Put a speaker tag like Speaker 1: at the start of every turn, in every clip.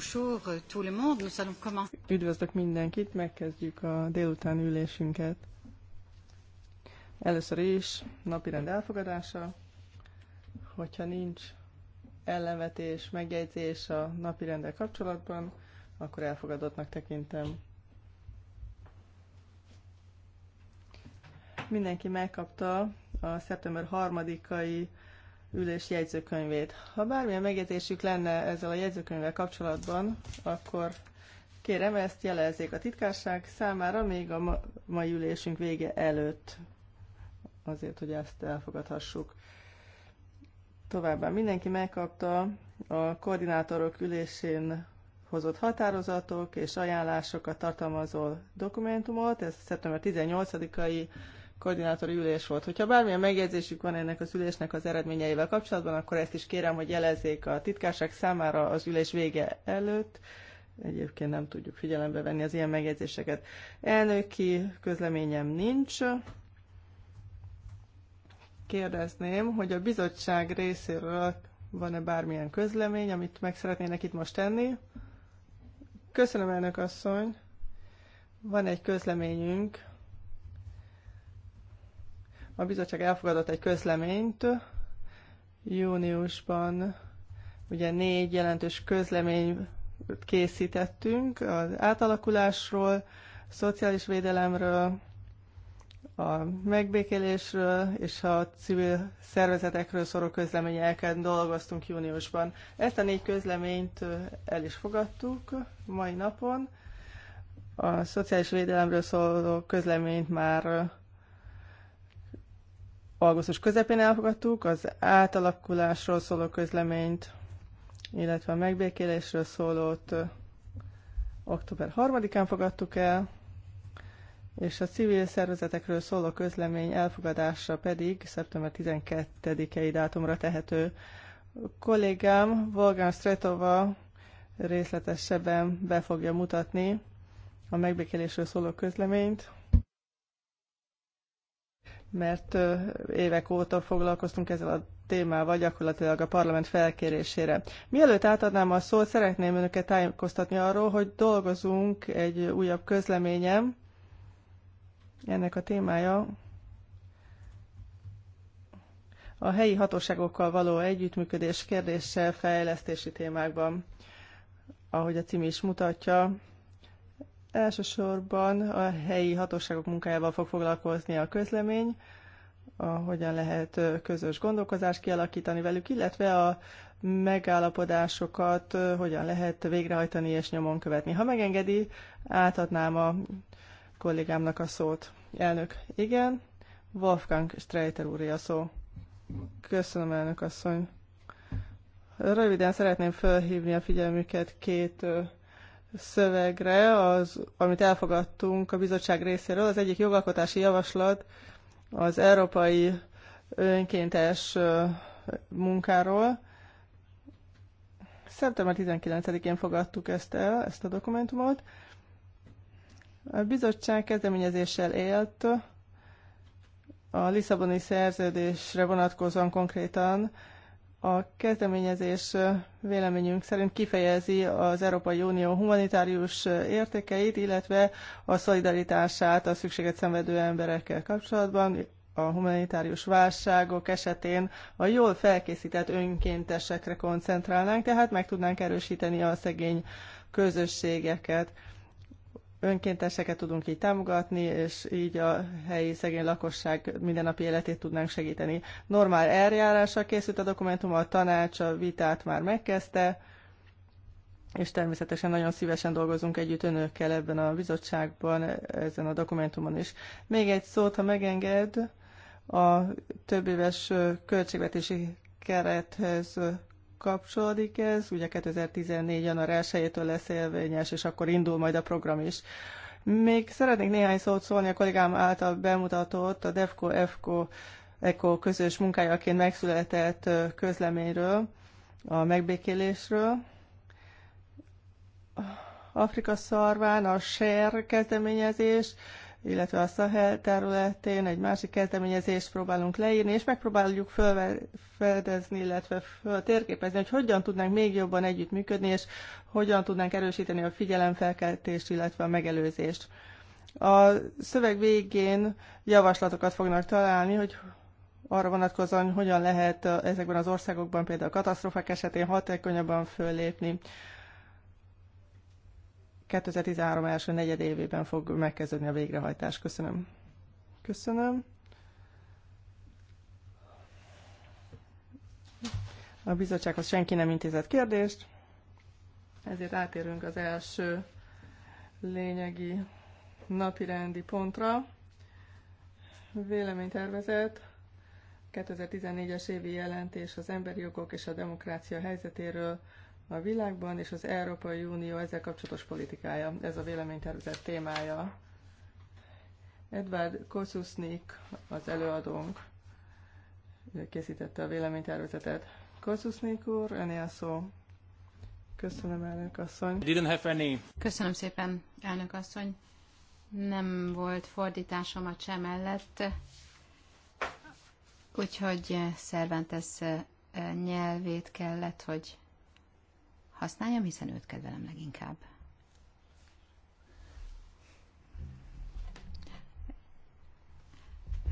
Speaker 1: Bonjour euh, tout le monde.
Speaker 2: Nous allons commencer. Üdvözlök mindenkit, megkezdjük a délután ülésünket. Először is napirend elfogadása. Hogyha nincs ellenvetés, megjegyzés a napirendel kapcsolatban, akkor elfogadottnak tekintem. Mindenki megkapta a szeptember harmadikai ülés jegyzőkönyvét. Ha bármilyen megjegyzésük lenne ezzel a jegyzőkönyvvel kapcsolatban, akkor kérem ezt jelezzék a titkárság számára még a mai ülésünk vége előtt, azért, hogy ezt elfogadhassuk. Továbbá mindenki megkapta a koordinátorok ülésén hozott határozatok és ajánlásokat tartalmazó dokumentumot, ez szeptember 18-ai koordinátori ülés volt. Hogyha bármilyen megjegyzésük van ennek az ülésnek az eredményeivel kapcsolatban, akkor ezt is kérem, hogy jelezzék a titkárság számára az ülés vége előtt. Egyébként nem tudjuk figyelembe venni az ilyen megjegyzéseket. Elnöki közleményem nincs. Kérdezném, hogy a bizottság részéről van-e bármilyen közlemény, amit meg szeretnének itt most tenni. Köszönöm, elnök asszony! Van egy közleményünk, a bizottság elfogadott egy közleményt júniusban, ugye négy jelentős közlemény készítettünk az átalakulásról, szociális védelemről, a megbékélésről és a civil szervezetekről szoró közleményeket dolgoztunk júniusban. Ezt a négy közleményt el is fogadtuk mai napon. A szociális védelemről szóló közleményt már Augusztus közepén elfogadtuk az átalakulásról szóló közleményt, illetve a megbékélésről szólót október 3-án fogadtuk el, és a civil szervezetekről szóló közlemény elfogadása pedig szeptember 12-i dátumra tehető. A kollégám Volgán Stretova részletesebben be fogja mutatni a megbékélésről szóló közleményt, mert évek óta foglalkoztunk ezzel a témával gyakorlatilag a parlament felkérésére. Mielőtt átadnám a szót, szeretném önöket tájékoztatni arról, hogy dolgozunk egy újabb közleményem. Ennek a témája a helyi hatóságokkal való együttműködés kérdése fejlesztési témákban. Ahogy a cím is mutatja, Elsősorban a helyi hatóságok munkájával fog foglalkozni a közlemény, a, hogyan lehet közös gondolkozást kialakítani velük, illetve a megállapodásokat hogyan lehet végrehajtani és nyomon követni. Ha megengedi, átadnám a kollégámnak a szót. Elnök, igen. Wolfgang Streiter úr a szó. Köszönöm, elnök asszony. Röviden szeretném felhívni a figyelmüket két szövegre, az, amit elfogadtunk a bizottság részéről. Az egyik jogalkotási javaslat az európai önkéntes munkáról. Szeptember 19-én fogadtuk ezt el, ezt a dokumentumot. A bizottság kezdeményezéssel élt a Lisszaboni szerződésre vonatkozóan konkrétan a kezdeményezés véleményünk szerint kifejezi az Európai Unió humanitárius értékeit, illetve a szolidaritását a szükséget szenvedő emberekkel kapcsolatban, a humanitárius válságok esetén a jól felkészített önkéntesekre koncentrálnánk, tehát meg tudnánk erősíteni a szegény közösségeket önkénteseket tudunk így támogatni, és így a helyi szegény lakosság mindennapi életét tudnánk segíteni. Normál eljárással készült a dokumentum, a tanács a vitát már megkezdte, és természetesen nagyon szívesen dolgozunk együtt önökkel ebben a bizottságban, ezen a dokumentumon is. Még egy szót, ha megenged, a több éves költségvetési kerethez kapcsolódik ez. Ugye 2014. január 1-től lesz élvényes, és akkor indul majd a program is. Még szeretnék néhány szót szólni a kollégám által bemutatott a DEFCO-EFCO ECO közös munkájaként megszületett közleményről, a megbékélésről. Afrika szarván a SER kezdeményezés illetve a Szahel területén egy másik kezdeményezést próbálunk leírni, és megpróbáljuk felfedezni, illetve föl térképezni, hogy hogyan tudnánk még jobban együttműködni, és hogyan tudnánk erősíteni a figyelemfelkeltést, illetve a megelőzést. A szöveg végén javaslatokat fognak találni, hogy arra vonatkozóan, hogyan lehet ezekben az országokban például katasztrofák esetén hatékonyabban föllépni. 2013 első negyedévében fog megkezdődni a végrehajtás. Köszönöm. Köszönöm. A bizottsághoz senki nem intézett kérdést, ezért átérünk az első lényegi napirendi pontra. Véleménytervezet 2014-es évi jelentés az emberi jogok és a demokrácia helyzetéről a világban, és az Európai Unió ezzel kapcsolatos politikája. Ez a véleménytervezet témája. Edvard Kosusznik, az előadónk, készítette a véleménytervezetet. Kosusznik úr, a szó. Köszönöm, elnök asszony.
Speaker 3: Didn't have any.
Speaker 2: Köszönöm
Speaker 1: szépen, elnök asszony. Nem volt fordításom a cseh mellett, úgyhogy Cervantes eh, nyelvét kellett, hogy használjam, hiszen őt kedvelem leginkább.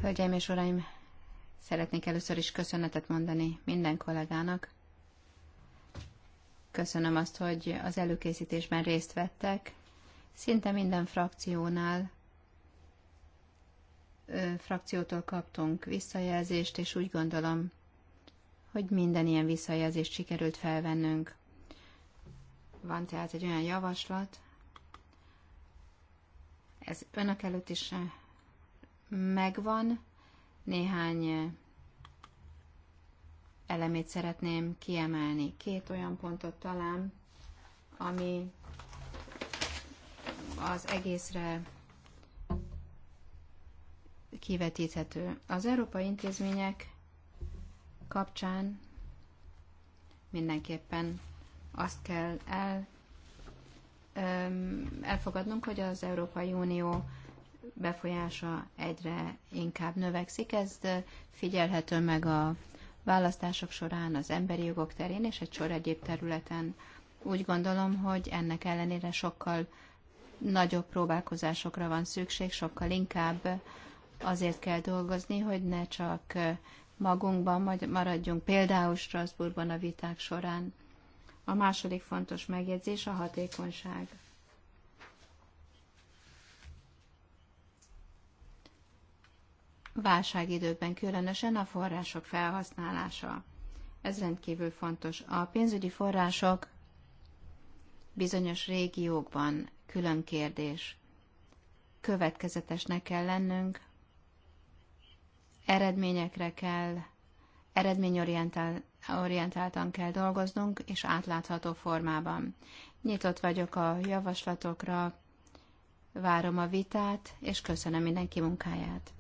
Speaker 1: Hölgyeim és uraim, szeretnék először is köszönetet mondani minden kollégának. Köszönöm azt, hogy az előkészítésben részt vettek. Szinte minden frakciónál ö, frakciótól kaptunk visszajelzést, és úgy gondolom, hogy minden ilyen visszajelzést sikerült felvennünk. Van tehát egy olyan javaslat, ez önök előtt is eh, megvan. Néhány eh, elemét szeretném kiemelni. Két olyan pontot talán, ami az egészre kivetíthető. Az európai intézmények kapcsán mindenképpen azt kell el, elfogadnunk, hogy az Európai Unió befolyása egyre inkább növekszik. Ez figyelhető meg a választások során, az emberi jogok terén és egy sor egyéb területen. Úgy gondolom, hogy ennek ellenére sokkal nagyobb próbálkozásokra van szükség, sokkal inkább azért kell dolgozni, hogy ne csak magunkban maradjunk, például Strasbourgban a viták során, a második fontos megjegyzés a hatékonyság. Válságidőkben különösen a források felhasználása. Ez rendkívül fontos. A pénzügyi források bizonyos régiókban külön kérdés. Következetesnek kell lennünk, eredményekre kell, eredményorientált orientáltan kell dolgoznunk, és átlátható formában. Nyitott vagyok a javaslatokra, várom a vitát, és köszönöm mindenki munkáját.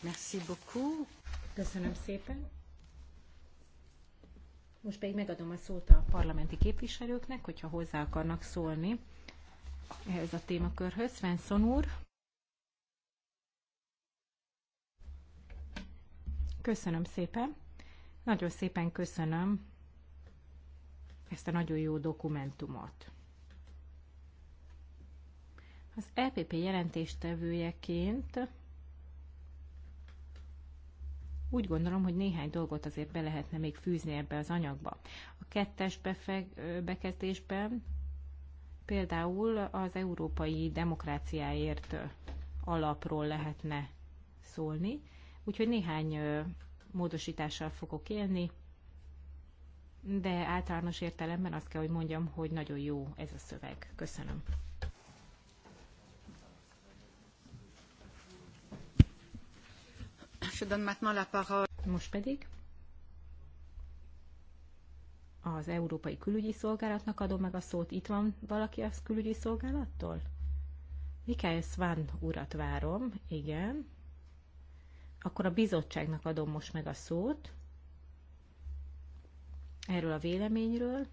Speaker 1: Merci
Speaker 3: beaucoup. Köszönöm szépen. Most pedig megadom a szót a parlamenti képviselőknek, hogyha hozzá akarnak szólni ehhez a témakörhöz. Svensson úr. Köszönöm szépen. Nagyon szépen köszönöm ezt a nagyon jó dokumentumot. Az EPP jelentéstevőjeként úgy gondolom, hogy néhány dolgot azért be lehetne még fűzni ebbe az anyagba. A kettes befeg, bekezdésben például az európai demokráciáért alapról lehetne szólni, úgyhogy néhány módosítással fogok élni, de általános értelemben azt kell, hogy mondjam, hogy nagyon jó ez a szöveg. Köszönöm. Most pedig az Európai Külügyi Szolgálatnak adom meg a szót. Itt van valaki a külügyi szolgálattól? Mikael Svan urat várom, igen. Akkor a bizottságnak adom most meg a szót erről a véleményről.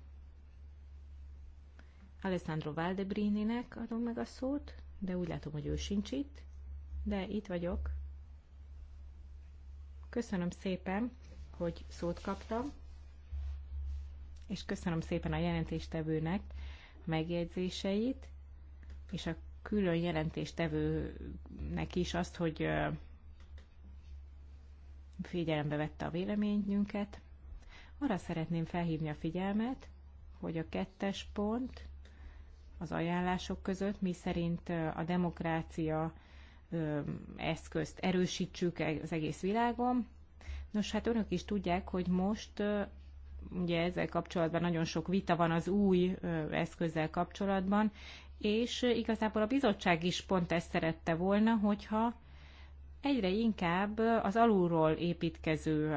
Speaker 3: Alessandro Valdebrininek adom meg a szót, de úgy látom, hogy ő sincs itt, de itt vagyok. Köszönöm szépen, hogy szót kaptam, és köszönöm szépen a jelentéstevőnek a megjegyzéseit, és a külön jelentéstevőnek is azt, hogy figyelembe vette a véleményünket. Arra szeretném felhívni a figyelmet, hogy a kettes pont az ajánlások között, mi szerint a demokrácia eszközt erősítsük e-, az egész világon. Nos, hát önök is tudják, hogy most ugye ezzel kapcsolatban nagyon sok vita van az új eszközzel kapcsolatban, és igazából a bizottság is pont ezt szerette volna, hogyha egyre inkább az alulról építkező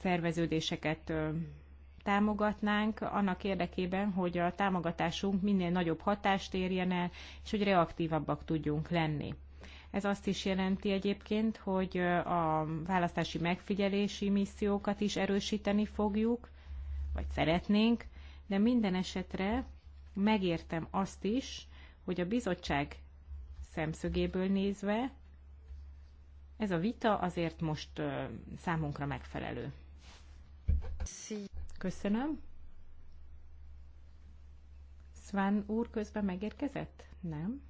Speaker 3: szerveződéseket támogatnánk annak érdekében, hogy a támogatásunk minél nagyobb hatást érjen el, és hogy reaktívabbak tudjunk lenni. Ez azt is jelenti egyébként, hogy a választási megfigyelési missziókat is erősíteni fogjuk, vagy szeretnénk, de minden esetre megértem azt is, hogy a bizottság szemszögéből nézve ez a vita azért most számunkra megfelelő. Köszönöm. Sván úr közben megérkezett? Nem.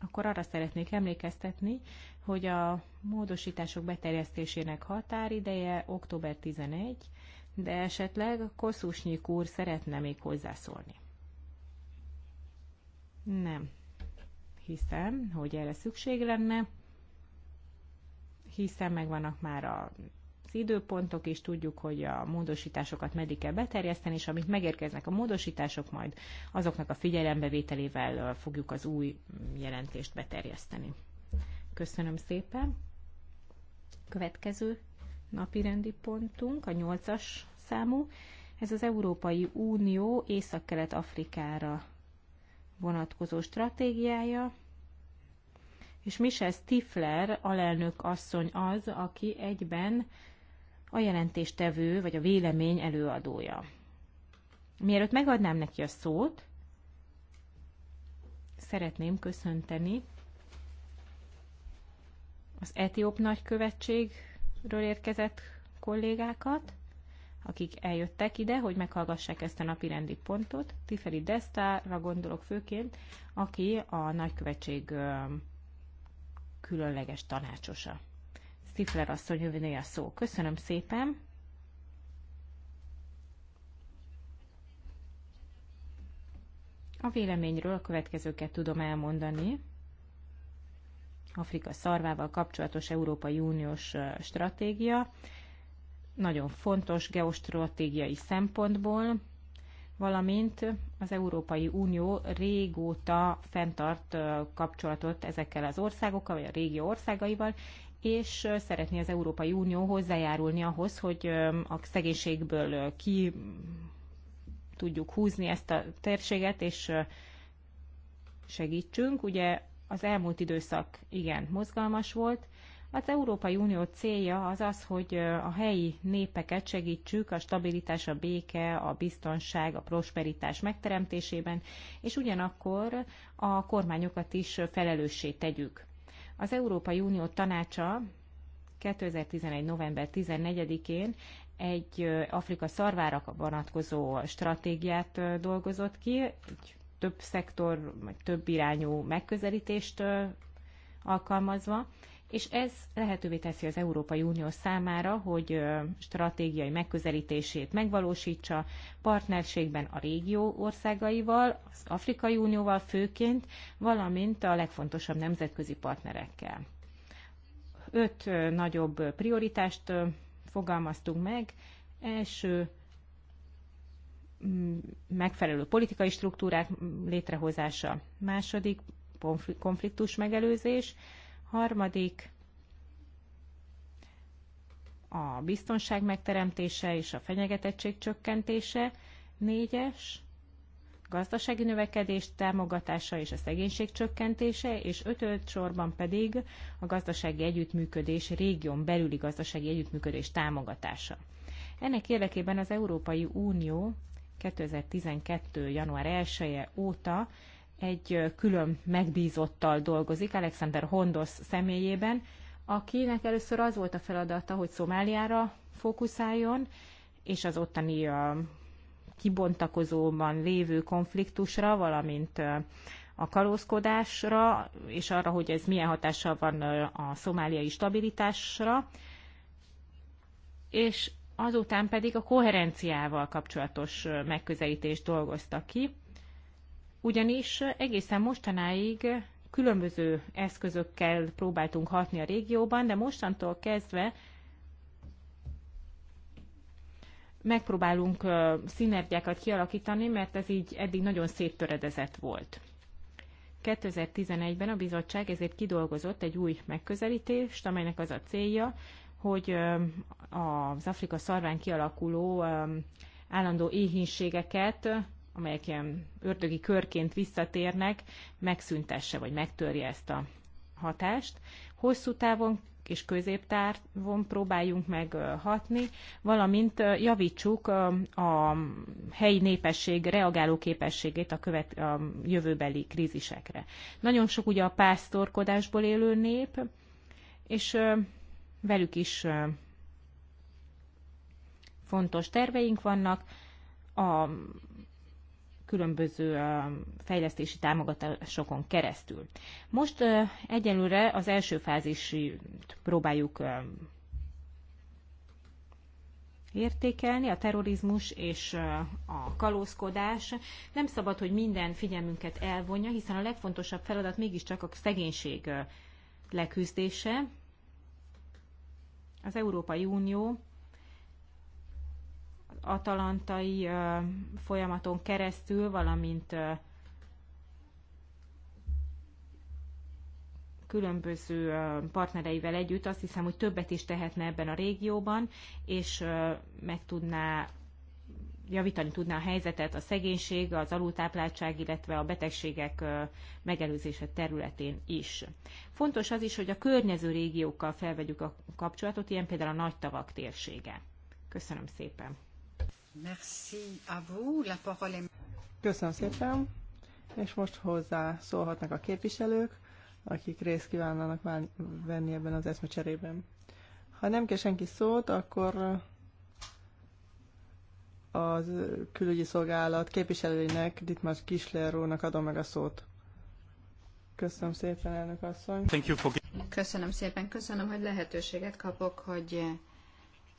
Speaker 3: Akkor arra szeretnék emlékeztetni, hogy a módosítások beterjesztésének határideje október 11, de esetleg Koszusnyik úr szeretne még hozzászólni. Nem. Hiszem, hogy erre szükség lenne. Hiszen megvannak már a az időpontok és tudjuk, hogy a módosításokat meddig kell beterjeszteni, és amit megérkeznek a módosítások, majd azoknak a figyelembevételével fogjuk az új jelentést beterjeszteni. Köszönöm szépen. Következő napi rendi pontunk, a nyolcas számú. Ez az Európai Unió Észak-Kelet-Afrikára vonatkozó stratégiája, és Michel Stifler alelnök asszony az, aki egyben a jelentéstevő vagy a vélemény előadója. Mielőtt megadnám neki a szót, szeretném köszönteni az etióp nagykövetségről érkezett kollégákat, akik eljöttek ide, hogy meghallgassák ezt a napi rendi pontot. Tiferi Desztára gondolok főként, aki a nagykövetség különleges tanácsosa. Stifler asszony jövőnél a szó. Köszönöm szépen! A véleményről a következőket tudom elmondani. Afrika szarvával kapcsolatos Európai Uniós stratégia, nagyon fontos geostratégiai szempontból, valamint az Európai Unió régóta fenntart kapcsolatot ezekkel az országokkal, vagy a régió országaival, és szeretné az Európai Unió hozzájárulni ahhoz, hogy a szegénységből ki tudjuk húzni ezt a térséget, és segítsünk. Ugye az elmúlt időszak igen mozgalmas volt, az Európai Unió célja az az, hogy a helyi népeket segítsük a stabilitás, a béke, a biztonság, a prosperitás megteremtésében, és ugyanakkor a kormányokat is felelőssé tegyük. Az Európai Unió tanácsa 2011. november 14-én egy Afrika szarvára vonatkozó stratégiát dolgozott ki, egy több szektor, vagy több irányú megközelítést alkalmazva, és ez lehetővé teszi az Európai Unió számára, hogy stratégiai megközelítését megvalósítsa partnerségben a régió országaival, az Afrikai Unióval főként, valamint a legfontosabb nemzetközi partnerekkel. Öt nagyobb prioritást fogalmaztunk meg. Első megfelelő politikai struktúrák létrehozása, második konfliktus megelőzés, harmadik a biztonság megteremtése és a fenyegetettség csökkentése, négyes gazdasági növekedés támogatása és a szegénység csökkentése, és ötöd sorban pedig a gazdasági együttműködés, régión belüli gazdasági együttműködés támogatása. Ennek érdekében az Európai Unió 2012. január 1-e óta egy külön megbízottal dolgozik, Alexander Hondos személyében, akinek először az volt a feladata, hogy Szomáliára fókuszáljon, és az ottani kibontakozóban lévő konfliktusra, valamint a kalózkodásra, és arra, hogy ez milyen hatással van a szomáliai stabilitásra, és azután pedig a koherenciával kapcsolatos megközelítést dolgozta ki ugyanis egészen mostanáig különböző eszközökkel próbáltunk hatni a régióban, de mostantól kezdve megpróbálunk szinergiákat kialakítani, mert ez így eddig nagyon széttöredezett volt. 2011-ben a bizottság ezért kidolgozott egy új megközelítést, amelynek az a célja, hogy az Afrika szarván kialakuló állandó éhínségeket amelyek ilyen ördögi körként visszatérnek, megszüntesse vagy megtörje ezt a hatást. Hosszú távon és középtávon próbáljunk meg hatni, valamint javítsuk a helyi népesség reagáló képességét a, követ, a jövőbeli krízisekre. Nagyon sok ugye a pásztorkodásból élő nép, és velük is fontos terveink vannak. A különböző fejlesztési támogatásokon keresztül. Most egyelőre az első fázisit próbáljuk értékelni, a terrorizmus és a kalózkodás. Nem szabad, hogy minden figyelmünket elvonja, hiszen a legfontosabb feladat mégiscsak a szegénység leküzdése. Az Európai Unió atalantai folyamaton keresztül, valamint különböző partnereivel együtt azt hiszem, hogy többet is tehetne ebben a régióban, és meg tudná javítani tudná a helyzetet a szegénység, az alultápláltság, illetve a betegségek megelőzése területén is. Fontos az is, hogy a környező régiókkal felvegyük a kapcsolatot, ilyen például a nagy tavak térsége. Köszönöm szépen!
Speaker 2: Köszönöm szépen, és most hozzá szólhatnak a képviselők, akik részt kívánnának venni ebben az eszmecserében. Ha nem kell senki szót, akkor az külügyi szolgálat képviselőinek, Dietmar úrnak adom meg a szót.
Speaker 1: Köszönöm szépen, elnök asszony. Thank you for... Köszönöm szépen, köszönöm, hogy lehetőséget kapok, hogy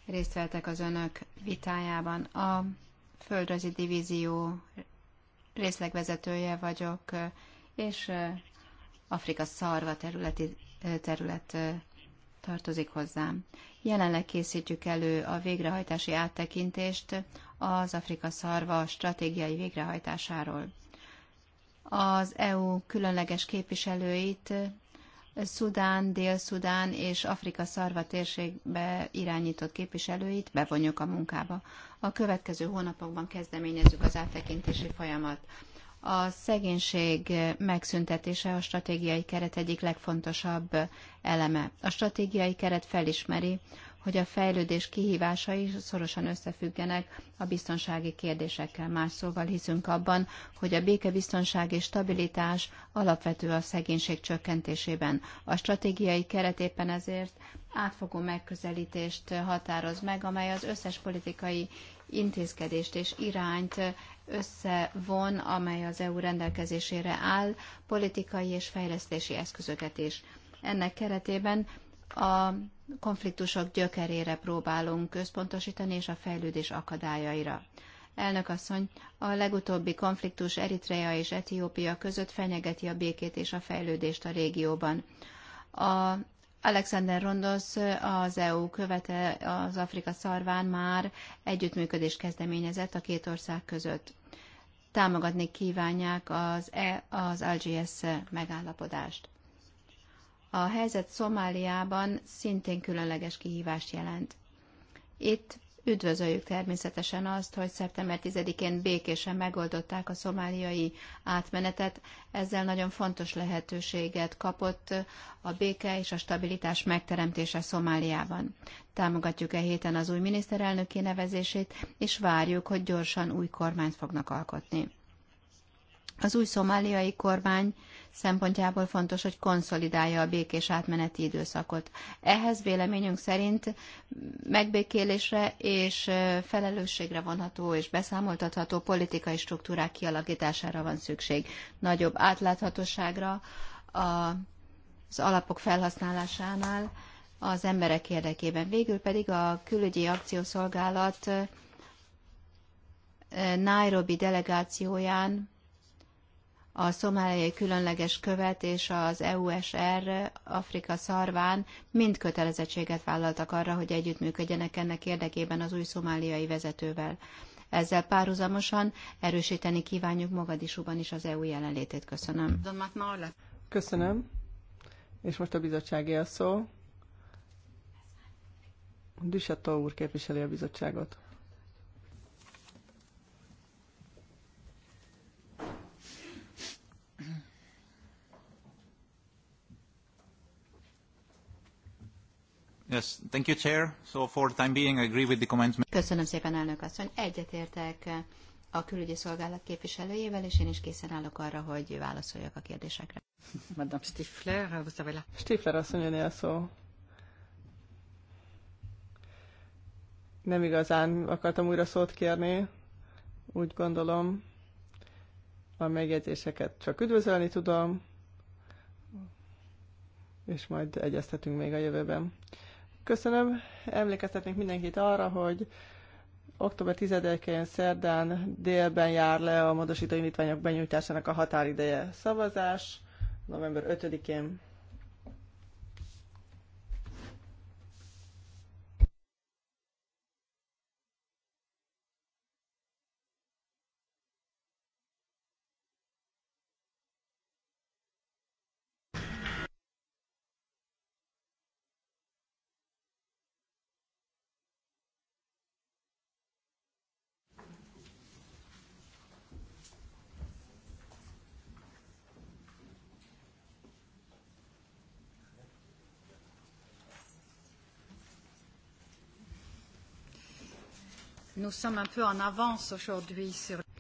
Speaker 1: részt vettek az önök vitájában. A földrajzi divízió részlegvezetője vagyok, és Afrika szarva területi, terület tartozik hozzám. Jelenleg készítjük elő a végrehajtási áttekintést az Afrika szarva stratégiai végrehajtásáról. Az EU különleges képviselőit Szudán, Dél-Szudán és Afrika szarva térségbe irányított képviselőit bevonjuk a munkába. A következő hónapokban kezdeményezzük az áttekintési folyamat. A szegénység megszüntetése a stratégiai keret egyik legfontosabb eleme. A stratégiai keret felismeri, hogy a fejlődés kihívásai szorosan összefüggenek a biztonsági kérdésekkel. Más szóval hiszünk abban, hogy a békebiztonság és stabilitás alapvető a szegénység csökkentésében. A stratégiai keret éppen ezért átfogó megközelítést határoz meg, amely az összes politikai intézkedést és irányt összevon, amely az EU rendelkezésére áll, politikai és fejlesztési eszközöket is. Ennek keretében a konfliktusok gyökerére próbálunk központosítani, és a fejlődés akadályaira. Elnök asszony, a legutóbbi konfliktus Eritrea és Etiópia között fenyegeti a békét és a fejlődést a régióban. A Alexander Rondos az EU követe az Afrika szarván már együttműködést kezdeményezett a két ország között. Támogatni kívánják az, e, az LGS megállapodást. A helyzet Szomáliában szintén különleges kihívást jelent. Itt üdvözöljük természetesen azt, hogy szeptember 10-én békésen megoldották a szomáliai átmenetet. Ezzel nagyon fontos lehetőséget kapott a béke és a stabilitás megteremtése Szomáliában. Támogatjuk e héten az új miniszterelnöki nevezését, és várjuk, hogy gyorsan új kormányt fognak alkotni. Az új szomáliai kormány szempontjából fontos, hogy konszolidálja a békés átmeneti időszakot. Ehhez véleményünk szerint megbékélésre és felelősségre vonható és beszámoltatható politikai struktúrák kialakítására van szükség. Nagyobb átláthatóságra az alapok felhasználásánál az emberek érdekében. Végül pedig a külügyi akciószolgálat Nairobi delegációján a szomáliai különleges követ és az EUSR Afrika szarván mind kötelezettséget vállaltak arra, hogy együttműködjenek ennek érdekében az új szomáliai vezetővel. Ezzel párhuzamosan erősíteni kívánjuk Mogadisúban is az EU jelenlétét. Köszönöm.
Speaker 2: Köszönöm. És most a bizottság a szó. Düsató úr képviseli a bizottságot.
Speaker 1: Yes, thank you, Chair. So for time being, I agree with the Köszönöm szépen, elnök asszony. Egyetértek a külügyi szolgálat képviselőjével, és én is készen állok arra, hogy válaszoljak a kérdésekre.
Speaker 2: Madame Stifler, vous avez la... Stifler asszony, a szó. Nem igazán akartam újra szót kérni, úgy gondolom. A megjegyzéseket csak üdvözölni tudom, és majd egyeztetünk még a jövőben. Köszönöm. Emlékeztetnék mindenkit arra, hogy október 10-én szerdán délben jár le a módosító indítványok benyújtásának a határideje szavazás, november 5-én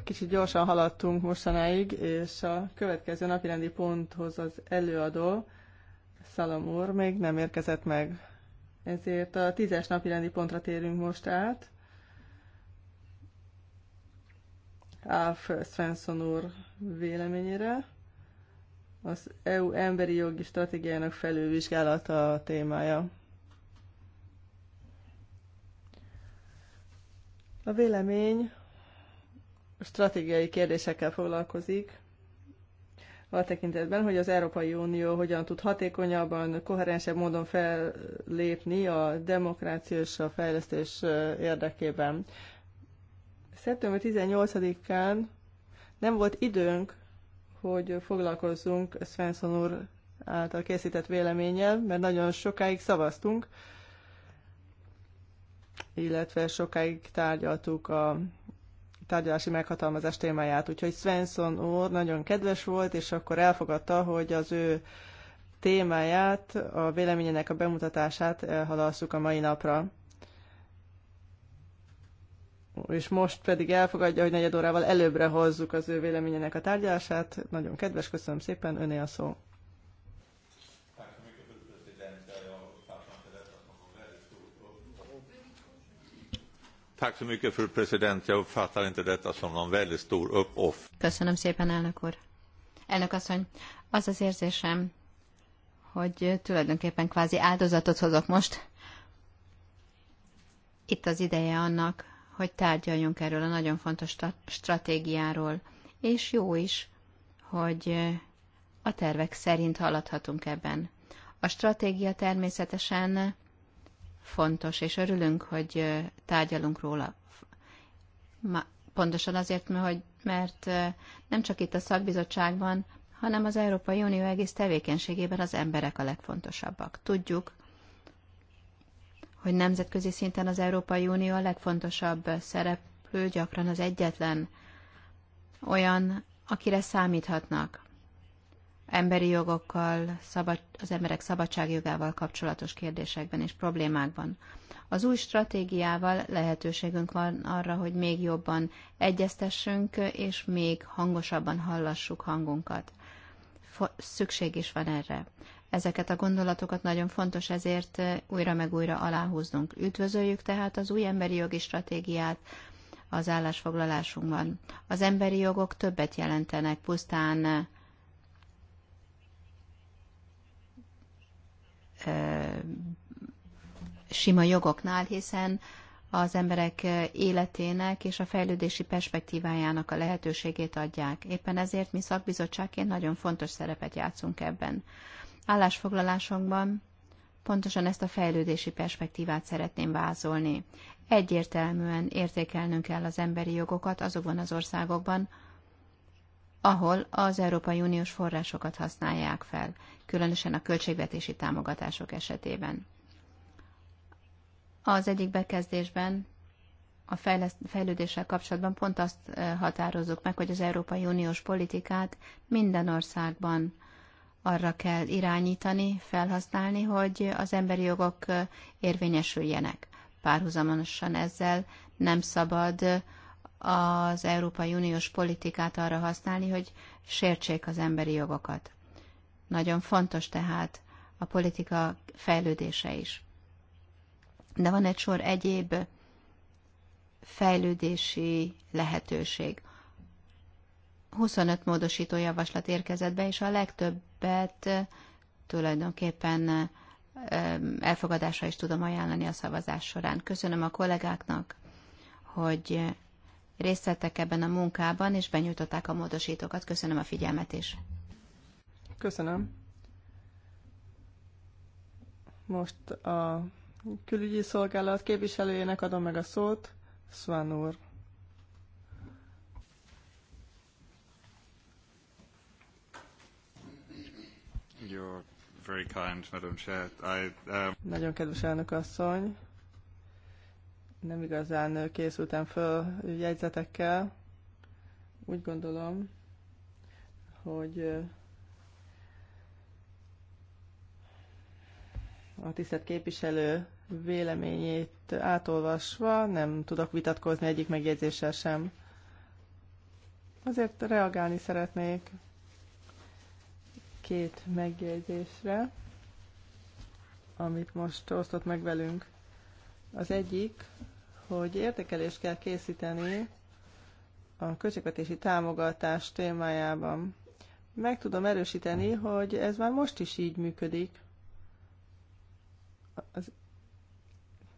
Speaker 2: Kicsit gyorsan haladtunk mostanáig, és a következő napirendi ponthoz az előadó, Szalamúr még nem érkezett meg. Ezért a tízes napirendi pontra térünk most át. Alf Svensson úr véleményére. Az EU emberi jogi stratégiájának felülvizsgálata a témája. A vélemény stratégiai kérdésekkel foglalkozik, a tekintetben, hogy az Európai Unió hogyan tud hatékonyabban, koherensebb módon fellépni a demokrácia és a fejlesztés érdekében. Szeptember 18-án nem volt időnk, hogy foglalkozzunk Svensson úr által készített véleménnyel, mert nagyon sokáig szavaztunk, illetve sokáig tárgyaltuk a tárgyalási meghatalmazás témáját. Úgyhogy Svensson úr nagyon kedves volt, és akkor elfogadta, hogy az ő témáját, a véleményének a bemutatását elhalasszuk a mai napra. És most pedig elfogadja, hogy negyed órával előbbre hozzuk az ő véleményének a tárgyalását. Nagyon kedves, köszönöm szépen, öné a szó. Tack så mycket, fru president. Jag uppfattar inte detta som någon väldigt stor uppoff.
Speaker 1: Köszönöm szépen, elnök úr. Elnök asszony, az az érzésem, hogy tulajdonképpen kvázi áldozatot hozok most. Itt az ideje annak, hogy tárgyaljunk erről a nagyon fontos stratégiáról, és jó is, hogy a tervek szerint haladhatunk ebben. A stratégia természetesen fontos, és örülünk, hogy tárgyalunk róla. Pontosan azért, mert nem csak itt a szakbizottságban, hanem az Európai Unió egész tevékenységében az emberek a legfontosabbak. Tudjuk, hogy nemzetközi szinten az Európai Unió a legfontosabb szereplő, gyakran az egyetlen olyan, akire számíthatnak emberi jogokkal, szabad, az emberek szabadságjogával kapcsolatos kérdésekben és problémákban. Az új stratégiával lehetőségünk van arra, hogy még jobban egyeztessünk, és még hangosabban hallassuk hangunkat. Szükség is van erre. Ezeket a gondolatokat nagyon fontos ezért eh, újra meg újra aláhúznunk. Üdvözöljük tehát az új emberi jogi stratégiát, az állásfoglalásunkban. Az emberi jogok többet jelentenek pusztán eh, sima jogoknál, hiszen az emberek életének és a fejlődési perspektívájának a lehetőségét adják. Éppen ezért mi szakbizottságként nagyon fontos szerepet játszunk ebben. Állásfoglalásunkban pontosan ezt a fejlődési perspektívát szeretném vázolni. Egyértelműen értékelnünk kell az emberi jogokat azokban az országokban, ahol az Európai Uniós forrásokat használják fel, különösen a költségvetési támogatások esetében. Az egyik bekezdésben a fejlődéssel kapcsolatban pont azt határozzuk meg, hogy az Európai Uniós politikát minden országban arra kell irányítani, felhasználni, hogy az emberi jogok érvényesüljenek. Párhuzamosan ezzel nem szabad az Európai Uniós politikát arra használni, hogy sértsék az emberi jogokat. Nagyon fontos tehát a politika fejlődése is. De van egy sor egyéb fejlődési lehetőség. 25 módosító javaslat érkezett be, és a legtöbbet tulajdonképpen elfogadásra is tudom ajánlani a szavazás során. Köszönöm a kollégáknak, hogy részt vettek ebben a munkában, és benyújtották a módosítókat. Köszönöm a figyelmet is. Köszönöm.
Speaker 2: Most a külügyi szolgálat képviselőjének adom meg a szót, Swan úr.
Speaker 3: You're very kind, Madam Chair. I, um... Nagyon
Speaker 2: kedves elnök asszony, nem igazán készültem föl jegyzetekkel. Úgy gondolom, hogy a tisztelt képviselő véleményét átolvasva nem tudok vitatkozni egyik megjegyzéssel sem. Azért reagálni szeretnék két megjegyzésre, amit most osztott meg velünk. Az egyik hogy értékelést kell készíteni a költségvetési támogatás témájában. Meg tudom erősíteni, hogy ez már most is így működik. Az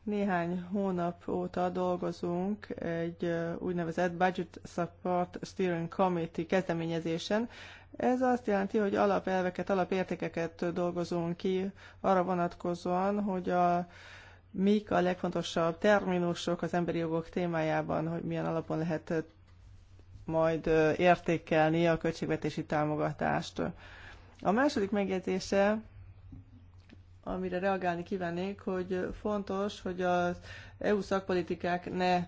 Speaker 2: néhány hónap óta dolgozunk egy úgynevezett Budget Support Steering Committee kezdeményezésen. Ez azt jelenti, hogy alapelveket, alapértékeket dolgozunk ki arra vonatkozóan, hogy a mik a legfontosabb terminusok az emberi jogok témájában, hogy milyen alapon lehet majd értékelni a költségvetési támogatást. A második megjegyzése, amire reagálni kívánnék, hogy fontos, hogy az EU szakpolitikák ne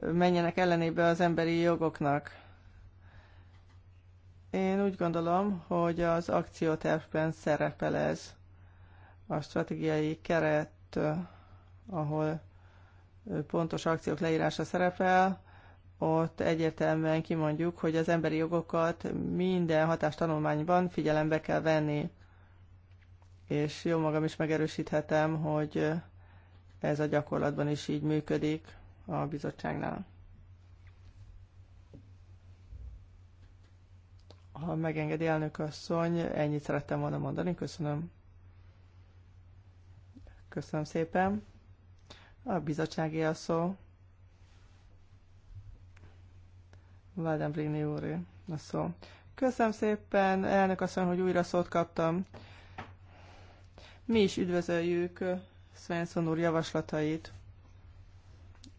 Speaker 2: menjenek ellenébe az emberi jogoknak. Én úgy gondolom, hogy az akciótervben szerepel ez a stratégiai keret ahol pontos akciók leírása szerepel, ott egyértelműen kimondjuk, hogy az emberi jogokat minden hatástanulmányban figyelembe kell venni. És jó magam is megerősíthetem, hogy ez a gyakorlatban is így működik a bizottságnál. Ha megengedi elnök asszony, ennyit szerettem volna mondani. Köszönöm. Köszönöm szépen. A bizottsági a szó. Valdembrini úr, a szó. Köszönöm szépen, elnök asszony, hogy újra szót kaptam. Mi is üdvözöljük Svensson úr javaslatait,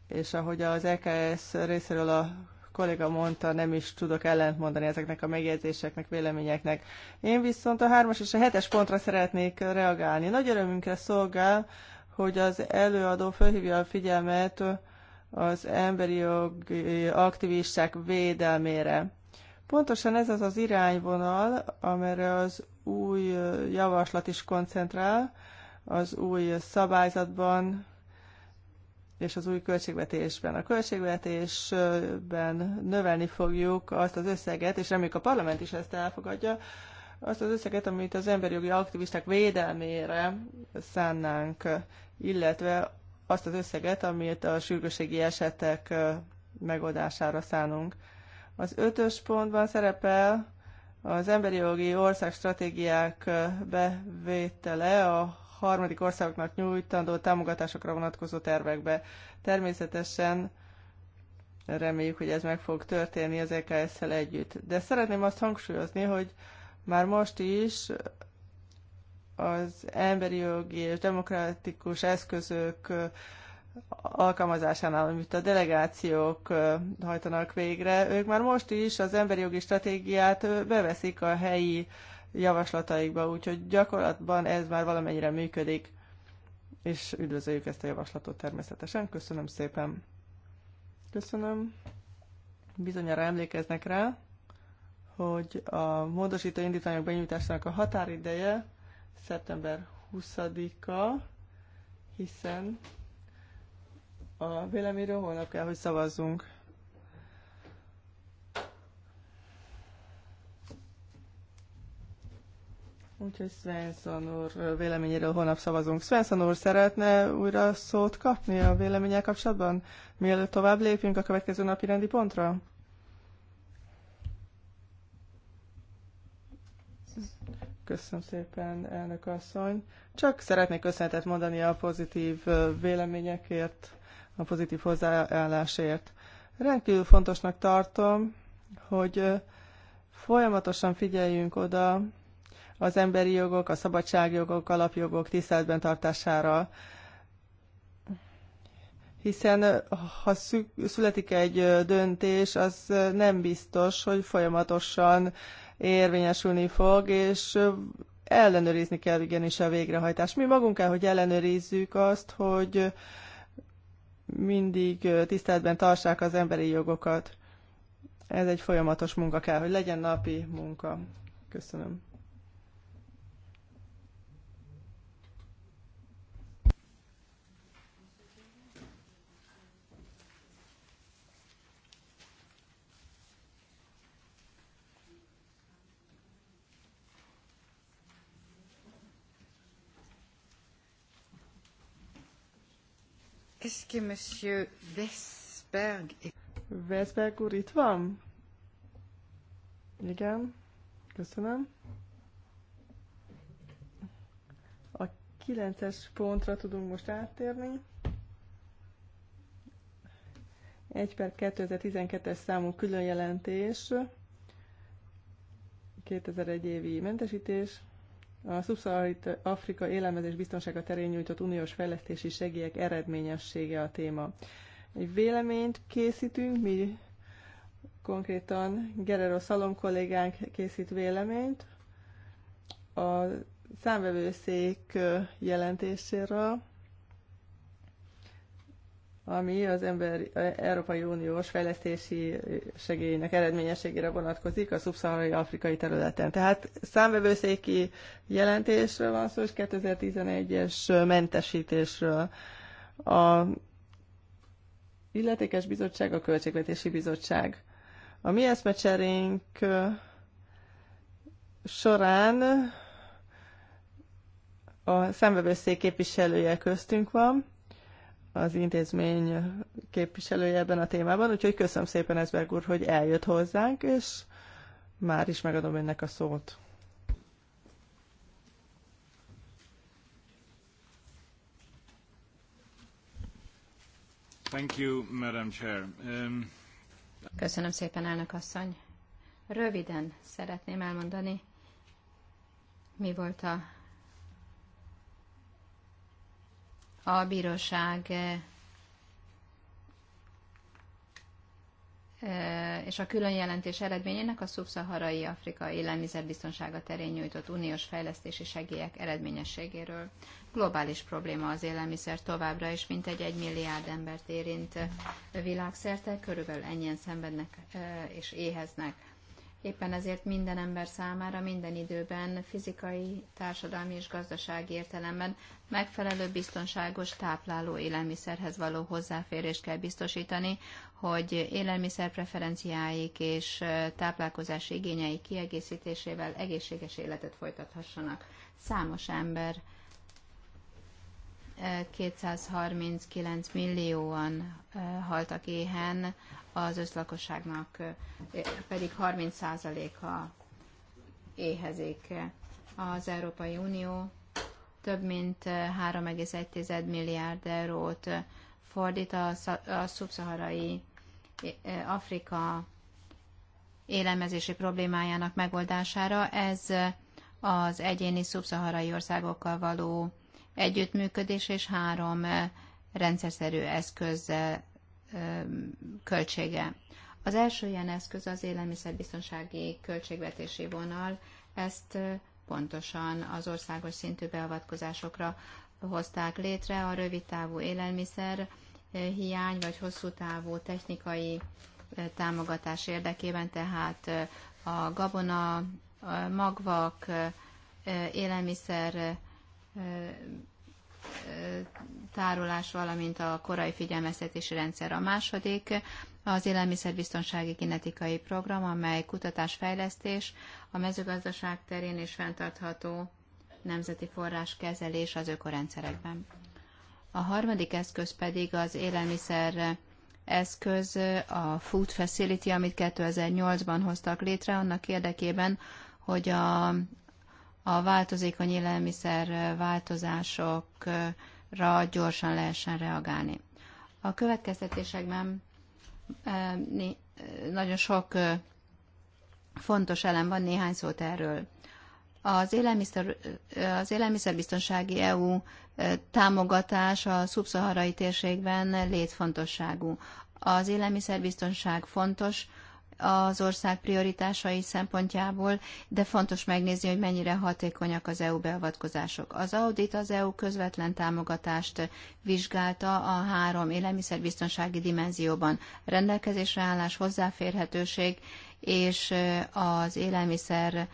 Speaker 2: és ahogy az EKS részéről a kolléga mondta, nem is tudok ellent mondani ezeknek a megjegyzéseknek, véleményeknek. Én viszont a hármas és a hetes pontra szeretnék reagálni. Nagy örömünkre szolgál, hogy az előadó felhívja a figyelmet az emberi jogi aktivisták védelmére. Pontosan ez az az irányvonal, amire az új javaslat is koncentrál, az új szabályzatban és az új költségvetésben. A költségvetésben növelni fogjuk azt az összeget, és reméljük a parlament is ezt elfogadja, azt az összeget, amit az emberjogi aktivisták védelmére szánnánk, illetve azt az összeget, amit a sürgőségi esetek megoldására szánunk. Az ötös pontban szerepel az emberi jogi stratégiák bevétele a harmadik országoknak nyújtandó támogatásokra vonatkozó tervekbe. Természetesen reméljük, hogy ez meg fog történni az EKS-szel együtt. De szeretném azt hangsúlyozni, hogy már most is az emberi jogi és demokratikus eszközök alkalmazásánál, amit a delegációk hajtanak végre, ők már most is az emberi jogi stratégiát beveszik a helyi javaslataikba, úgyhogy gyakorlatban ez már valamennyire működik, és üdvözöljük ezt a javaslatot természetesen. Köszönöm szépen. Köszönöm. Bizonyára emlékeznek rá, hogy a módosító indítványok benyújtásának a határideje szeptember 20-a, hiszen a véleményről holnap kell, hogy szavazzunk. Úgyhogy Svensson úr véleményéről holnap szavazunk. Svensson úr szeretne újra szót kapni a véleménye kapcsolatban, mielőtt tovább lépünk a következő napi rendi pontra? Köszönöm szépen, elnök asszony. Csak szeretnék köszönetet mondani a pozitív véleményekért, a pozitív hozzáállásért. Rendkívül fontosnak tartom, hogy folyamatosan figyeljünk oda az emberi jogok, a szabadságjogok, alapjogok tiszteletben tartására. Hiszen ha születik egy döntés, az nem biztos, hogy folyamatosan érvényesülni fog, és ellenőrizni kell igenis a végrehajtást. Mi magunk kell, hogy ellenőrizzük azt, hogy mindig tiszteletben tartsák az emberi jogokat. Ez egy folyamatos munka kell, hogy legyen napi munka. Köszönöm. Est-ce que Monsieur Veszberg... Veszberg úr itt van? Igen, köszönöm. A 9 pontra tudunk most áttérni. 1 per 2012-es számú külön jelentés, 2001 évi mentesítés, a szubszaharit Afrika élelmezés biztonsága terén nyújtott uniós fejlesztési segélyek eredményessége a téma. Egy véleményt készítünk, mi konkrétan Gerero Szalom kollégánk készít véleményt a számvevőszék jelentéséről, ami az ember Európai Uniós fejlesztési segélynek eredményességére vonatkozik a szubszaharai afrikai területen. Tehát számvevőszéki jelentésről van szó, és 2011-es mentesítésről. A illetékes bizottság a Költségvetési Bizottság. A mi eszmecserénk során a számvevőszék képviselője köztünk van, az intézmény képviselője ebben a témában, úgyhogy köszönöm szépen Ezberg úr, hogy eljött hozzánk, és már is megadom önnek a szót. Thank you, Madam Chair. Um...
Speaker 1: Köszönöm szépen, elnök asszony. Röviden szeretném elmondani, mi volt a a bíróság e, e, és a külön jelentés eredményének a szubszaharai Afrika élelmiszerbiztonsága terén nyújtott uniós fejlesztési segélyek eredményességéről. Globális probléma az élelmiszer továbbra is mint egy milliárd embert érint világszerte, körülbelül ennyien szenvednek e, és éheznek. Éppen ezért minden ember számára minden időben fizikai, társadalmi és gazdasági értelemben megfelelő biztonságos tápláló élelmiszerhez való hozzáférést kell biztosítani, hogy élelmiszer preferenciáik és táplálkozási igényeik kiegészítésével egészséges életet folytathassanak. Számos ember 239 millióan haltak éhen, az összlakosságnak pedig 30%-a éhezik. Az Európai Unió több mint 3,1 milliárd eurót fordít a, a szubszaharai Afrika élelmezési problémájának megoldására. Ez az egyéni szubszaharai országokkal való együttműködés és három rendszerszerű eszköz költsége. Az első ilyen eszköz az élelmiszerbiztonsági költségvetési vonal, ezt pontosan az országos szintű beavatkozásokra hozták létre a rövid távú élelmiszer hiány vagy hosszú távú technikai támogatás érdekében, tehát a gabona, magvak, élelmiszer tárolás, valamint a korai figyelmeztetési rendszer. A második az élelmiszerbiztonsági kinetikai program, amely kutatásfejlesztés a mezőgazdaság terén és fenntartható nemzeti kezelés az ökorendszerekben. A harmadik eszköz pedig az élelmiszer eszköz, a Food Facility, amit 2008-ban hoztak létre, annak érdekében, hogy a a változékony élelmiszer változásokra gyorsan lehessen reagálni. A következtetésekben nagyon sok fontos elem van, néhány szót erről. Az, élelmiszer, az élelmiszerbiztonsági EU támogatás a szubszaharai térségben létfontosságú. Az élelmiszerbiztonság fontos, az ország prioritásai szempontjából, de fontos megnézni, hogy mennyire hatékonyak az EU beavatkozások. Az audit az EU közvetlen támogatást vizsgálta a három élelmiszerbiztonsági dimenzióban. Rendelkezésre állás, hozzáférhetőség és az élelmiszer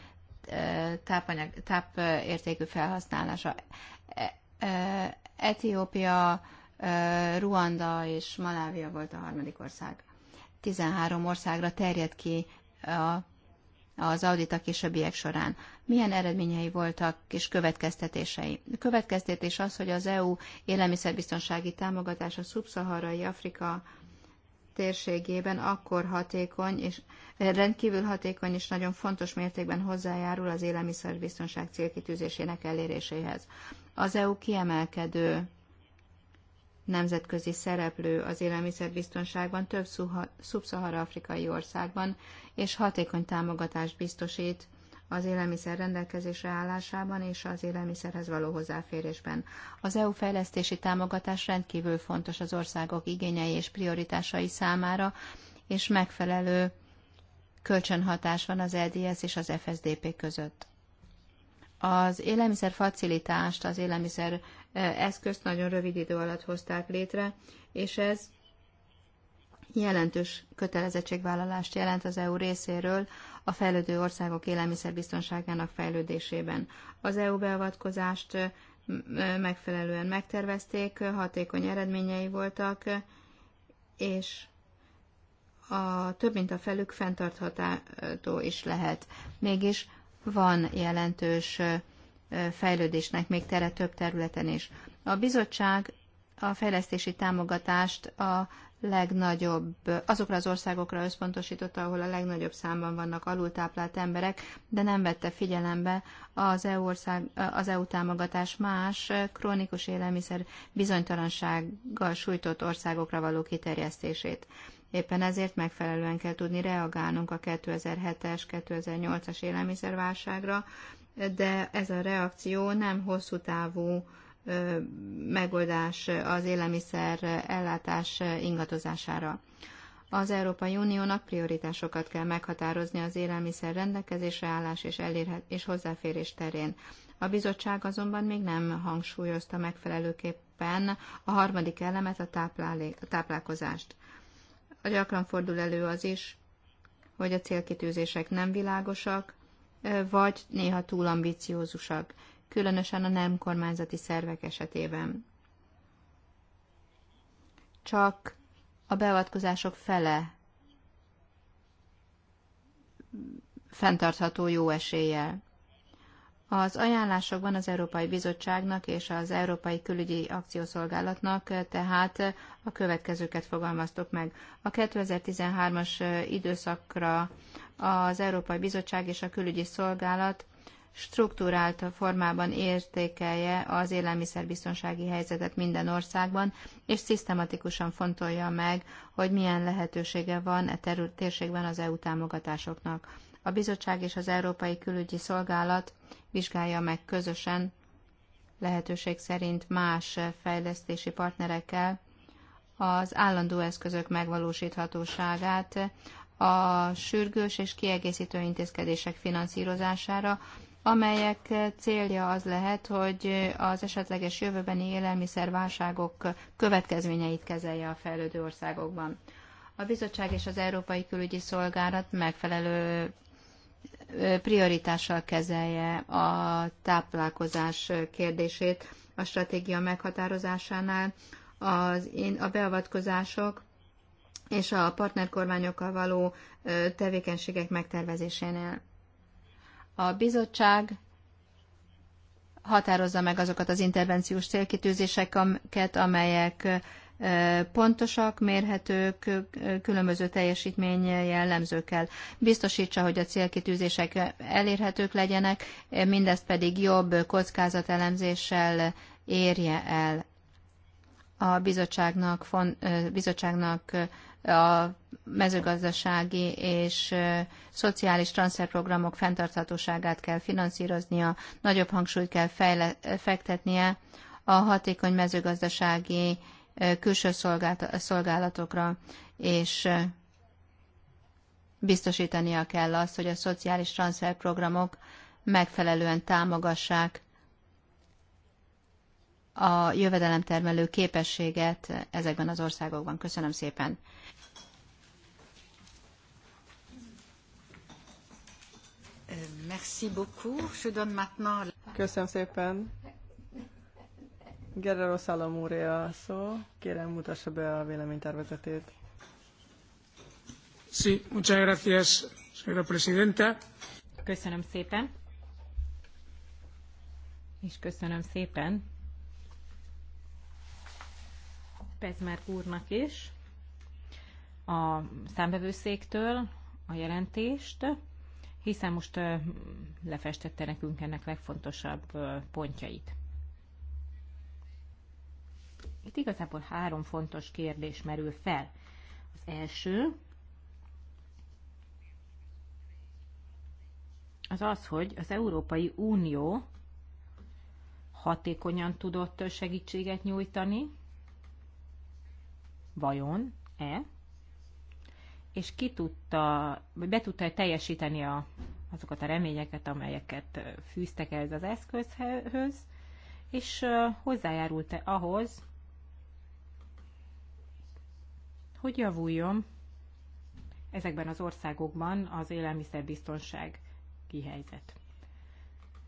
Speaker 1: tápanyag, tápértékű felhasználása. E, Etiópia, Ruanda és Malávia volt a harmadik ország. 13 országra terjed ki a, az audit a későbbiek során. Milyen eredményei voltak és következtetései? A következtetés az, hogy az EU élelmiszerbiztonsági támogatása szubszaharai Afrika térségében akkor hatékony, és eh, rendkívül hatékony és nagyon fontos mértékben hozzájárul az élelmiszerbiztonság célkitűzésének eléréséhez. Az EU kiemelkedő nemzetközi szereplő az élelmiszerbiztonságban több szubszahara afrikai országban, és hatékony támogatást biztosít az élelmiszer rendelkezésre állásában és az élelmiszerhez való hozzáférésben. Az EU fejlesztési támogatás rendkívül fontos az országok igényei és prioritásai számára, és megfelelő kölcsönhatás van az LDS e és az FSDP között. Az élelmiszer facilitást, az élelmiszer eszközt nagyon rövid idő alatt hozták létre, és ez jelentős kötelezettségvállalást jelent az EU részéről a fejlődő országok élelmiszerbiztonságának fejlődésében. Az EU beavatkozást megfelelően megtervezték, hatékony eredményei voltak, és a több mint a felük fenntartható is lehet. Mégis van jelentős fejlődésnek még tere több területen is. A bizottság a fejlesztési támogatást a legnagyobb, azokra az országokra összpontosította, ahol a legnagyobb számban vannak alultáplált emberek, de nem vette figyelembe az EU, ország, az EU támogatás más krónikus élelmiszer bizonytalansággal sújtott országokra való kiterjesztését. Éppen ezért megfelelően kell tudni reagálnunk a 2007-es, 2008-as élelmiszerválságra, de ez a reakció nem hosszú távú megoldás az élelmiszer ellátás ingatozására. Az Európai Uniónak prioritásokat kell meghatározni az élelmiszer rendelkezésre állás és, elérhet, és hozzáférés terén. A bizottság azonban még nem hangsúlyozta megfelelőképpen a harmadik elemet, a, táplálék, a táplálkozást. A gyakran fordul elő az is, hogy a célkitűzések nem világosak, vagy néha túl ambiciózusak különösen a nem kormányzati szervek esetében. Csak a beavatkozások fele fenntartható jó eséllyel. Az ajánlásokban az Európai Bizottságnak és az Európai Külügyi Akciószolgálatnak tehát a következőket fogalmaztok meg. A 2013-as időszakra az Európai Bizottság és a Külügyi Szolgálat strukturált formában értékelje az élelmiszerbiztonsági helyzetet minden országban, és szisztematikusan fontolja meg, hogy milyen lehetősége van e térségben az EU támogatásoknak. A bizottság és az Európai Külügyi Szolgálat vizsgálja meg közösen, lehetőség szerint más fejlesztési partnerekkel az állandó eszközök megvalósíthatóságát, a sürgős és kiegészítő intézkedések finanszírozására, amelyek célja az lehet, hogy az esetleges jövőbeni élelmiszerválságok következményeit kezelje a fejlődő országokban. A bizottság és az Európai Külügyi Szolgálat megfelelő prioritással kezelje a táplálkozás kérdését a stratégia meghatározásánál. Az, a beavatkozások és a partnerkormányokkal való tevékenységek megtervezésénél. A bizottság határozza meg azokat az intervenciós célkitűzéseket, amelyek pontosak, mérhetők, különböző teljesítmény jellemzőkkel. Biztosítsa, hogy a célkitűzések elérhetők legyenek, mindezt pedig jobb kockázatelemzéssel érje el. A bizottságnak, bizottságnak a mezőgazdasági és szociális transferprogramok fenntarthatóságát kell finanszíroznia, nagyobb hangsúlyt kell fejle, fektetnie a hatékony mezőgazdasági külső szolgálatokra, és biztosítania kell azt, hogy a szociális transferprogramok megfelelően támogassák a jövedelemtermelő képességet ezekben az országokban. Köszönöm szépen!
Speaker 2: Euh, merci beaucoup. Je donne maintenant... Köszönöm szépen. Guerrero Szalom úré a szó. Kérem, mutassa be a véleménytervezetét. Sí, muchas gracias, señora presidenta. Köszönöm szépen.
Speaker 3: És köszönöm szépen Pezmer úrnak is a számbevőszéktől a jelentést hiszen most lefestette nekünk ennek legfontosabb pontjait. Itt igazából három fontos kérdés merül fel. Az első az az, hogy az Európai Unió hatékonyan tudott segítséget nyújtani, vajon-e? és ki tudta, vagy be tudta teljesíteni a, azokat a reményeket, amelyeket fűztek ez az eszközhöz, és hozzájárult -e ahhoz, hogy javuljon ezekben az országokban az élelmiszerbiztonság kihelyzet.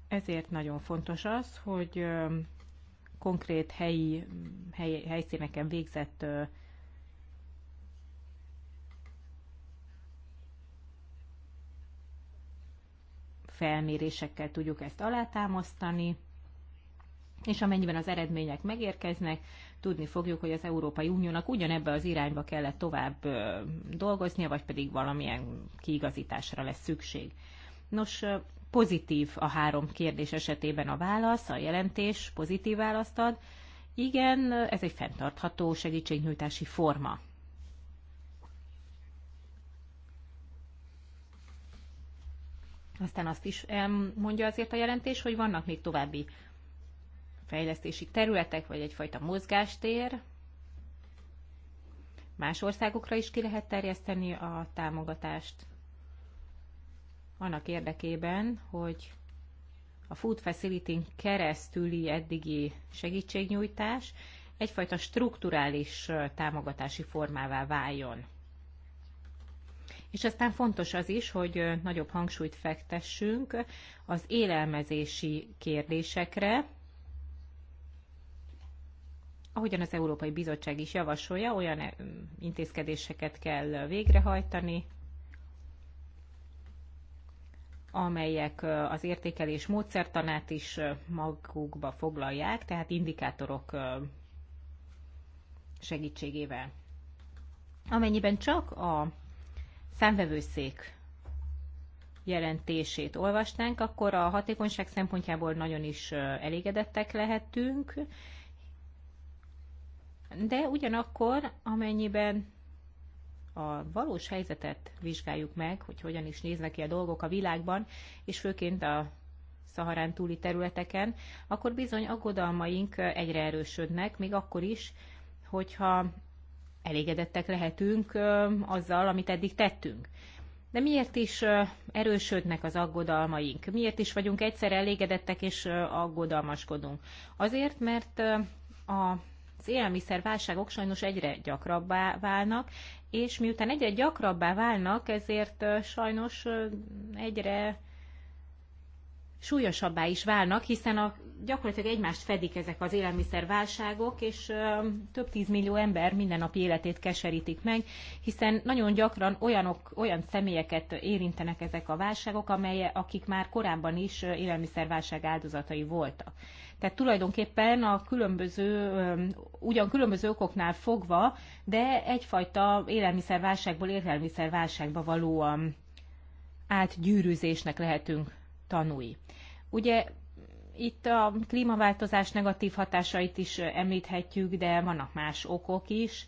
Speaker 3: Ezért nagyon fontos az, hogy konkrét helyi hely, helyszíneken végzett felmérésekkel tudjuk ezt alátámasztani, és amennyiben az eredmények megérkeznek, tudni fogjuk, hogy az Európai Uniónak ugyanebbe az irányba kellett tovább dolgoznia, vagy pedig valamilyen kiigazításra lesz szükség. Nos, pozitív a három kérdés esetében a válasz, a jelentés pozitív választ ad. Igen, ez egy fenntartható segítségnyújtási forma. Aztán azt is mondja azért a jelentés, hogy vannak még további fejlesztési területek, vagy egyfajta mozgástér. Más országokra is ki lehet terjeszteni a támogatást. Annak érdekében, hogy a Food facility keresztüli eddigi segítségnyújtás egyfajta strukturális támogatási formává váljon. És aztán fontos az is, hogy nagyobb hangsúlyt fektessünk az élelmezési kérdésekre, ahogyan az Európai Bizottság is javasolja, olyan intézkedéseket kell végrehajtani, amelyek az értékelés módszertanát is magukba foglalják, tehát indikátorok segítségével. Amennyiben csak a szemvevőszék jelentését olvastánk, akkor a hatékonyság szempontjából nagyon is elégedettek lehetünk, de ugyanakkor, amennyiben a valós helyzetet vizsgáljuk meg, hogy hogyan is néznek ki a dolgok a világban, és főként a szaharán túli területeken, akkor bizony aggodalmaink egyre erősödnek, még akkor is, hogyha elégedettek lehetünk azzal, amit eddig tettünk. De miért is erősödnek az aggodalmaink? Miért is vagyunk egyszer elégedettek és aggodalmaskodunk? Azért, mert a az élelmiszerválságok sajnos egyre gyakrabbá válnak, és miután egyre gyakrabbá válnak, ezért sajnos egyre súlyosabbá is válnak, hiszen a, gyakorlatilag egymást fedik ezek az élelmiszerválságok, és ö, több tízmillió ember mindennapi életét keserítik meg, hiszen nagyon gyakran olyanok, olyan személyeket érintenek ezek a válságok, amelye, akik már korábban is élelmiszerválság áldozatai voltak. Tehát tulajdonképpen a különböző, ugyan különböző okoknál fogva, de egyfajta élelmiszerválságból élelmiszerválságba való átgyűrűzésnek lehetünk tanúi. Ugye itt a klímaváltozás negatív hatásait is említhetjük, de vannak más okok is,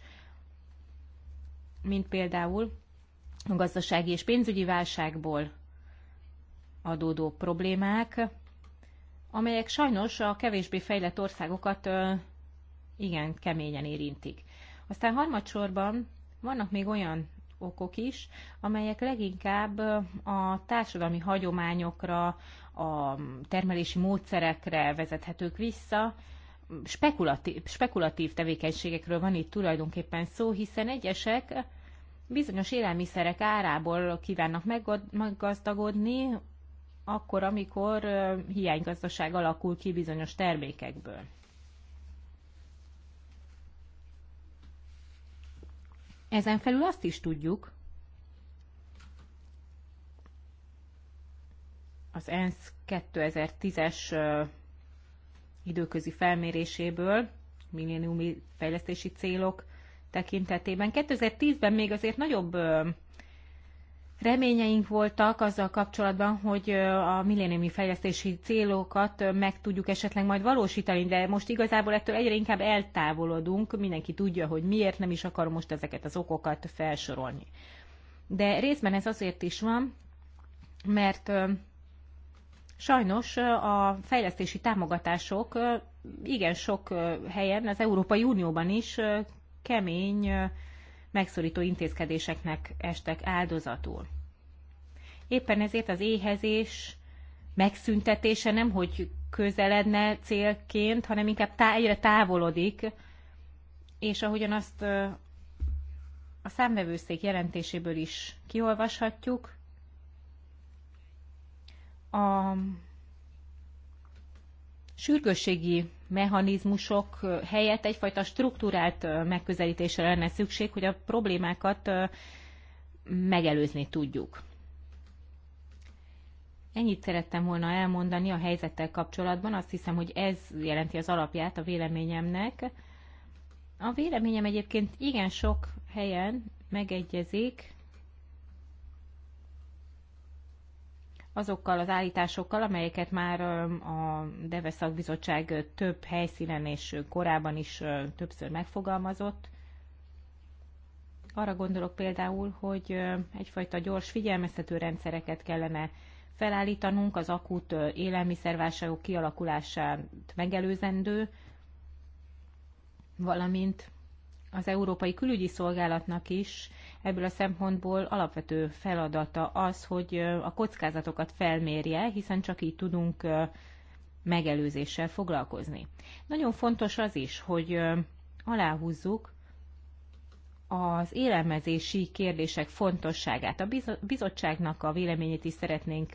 Speaker 3: mint például a gazdasági és pénzügyi válságból adódó problémák, amelyek sajnos a kevésbé fejlett országokat igen keményen érintik. Aztán harmadsorban vannak még olyan okok is, amelyek leginkább a társadalmi hagyományokra, a termelési módszerekre vezethetők vissza, spekulatív, spekulatív tevékenységekről van itt tulajdonképpen szó, hiszen egyesek bizonyos élelmiszerek árából kívánnak meggazdagodni, akkor, amikor hiánygazdaság alakul ki bizonyos termékekből. Ezen felül azt is tudjuk, az ENSZ 2010-es időközi felméréséből, milléniumi fejlesztési célok tekintetében. 2010-ben még azért nagyobb reményeink voltak azzal kapcsolatban, hogy a milléniumi fejlesztési célokat meg tudjuk esetleg majd valósítani, de most igazából ettől egyre inkább eltávolodunk, mindenki tudja, hogy miért nem is akarom most ezeket az okokat felsorolni. De részben ez azért is van, mert sajnos a fejlesztési támogatások igen sok helyen, az Európai Unióban is kemény megszorító intézkedéseknek estek áldozatul. Éppen ezért az éhezés megszüntetése nem hogy közeledne célként, hanem inkább tá- egyre távolodik, és ahogyan azt a számvevőszék jelentéséből is kiolvashatjuk, a sürgősségi mechanizmusok helyett egyfajta struktúrált megközelítésre lenne szükség, hogy a problémákat megelőzni tudjuk. Ennyit szerettem volna elmondani a helyzettel kapcsolatban, azt hiszem, hogy ez jelenti az alapját a véleményemnek. A véleményem egyébként igen sok helyen megegyezik azokkal az állításokkal, amelyeket már a Deve Szakbizottság több helyszínen és korábban is többször megfogalmazott. Arra gondolok például, hogy egyfajta gyors figyelmeztető rendszereket kellene felállítanunk az akut élelmiszerválságok kialakulását megelőzendő, valamint az Európai Külügyi Szolgálatnak is Ebből a szempontból alapvető feladata az, hogy a kockázatokat felmérje, hiszen csak így tudunk megelőzéssel foglalkozni. Nagyon fontos az is, hogy aláhúzzuk az élelmezési kérdések fontosságát. A bizottságnak a véleményét is szeretnénk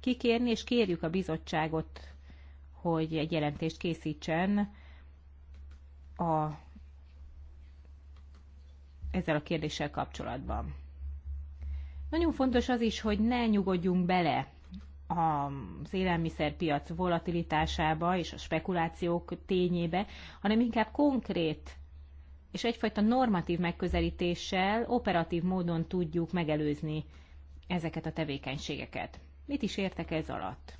Speaker 3: kikérni, és kérjük a bizottságot, hogy egy jelentést készítsen a ezzel a kérdéssel kapcsolatban. Nagyon fontos az is, hogy ne nyugodjunk bele az élelmiszerpiac volatilitásába és a spekulációk tényébe, hanem inkább konkrét és egyfajta normatív megközelítéssel operatív módon tudjuk megelőzni ezeket a tevékenységeket. Mit is értek ez alatt?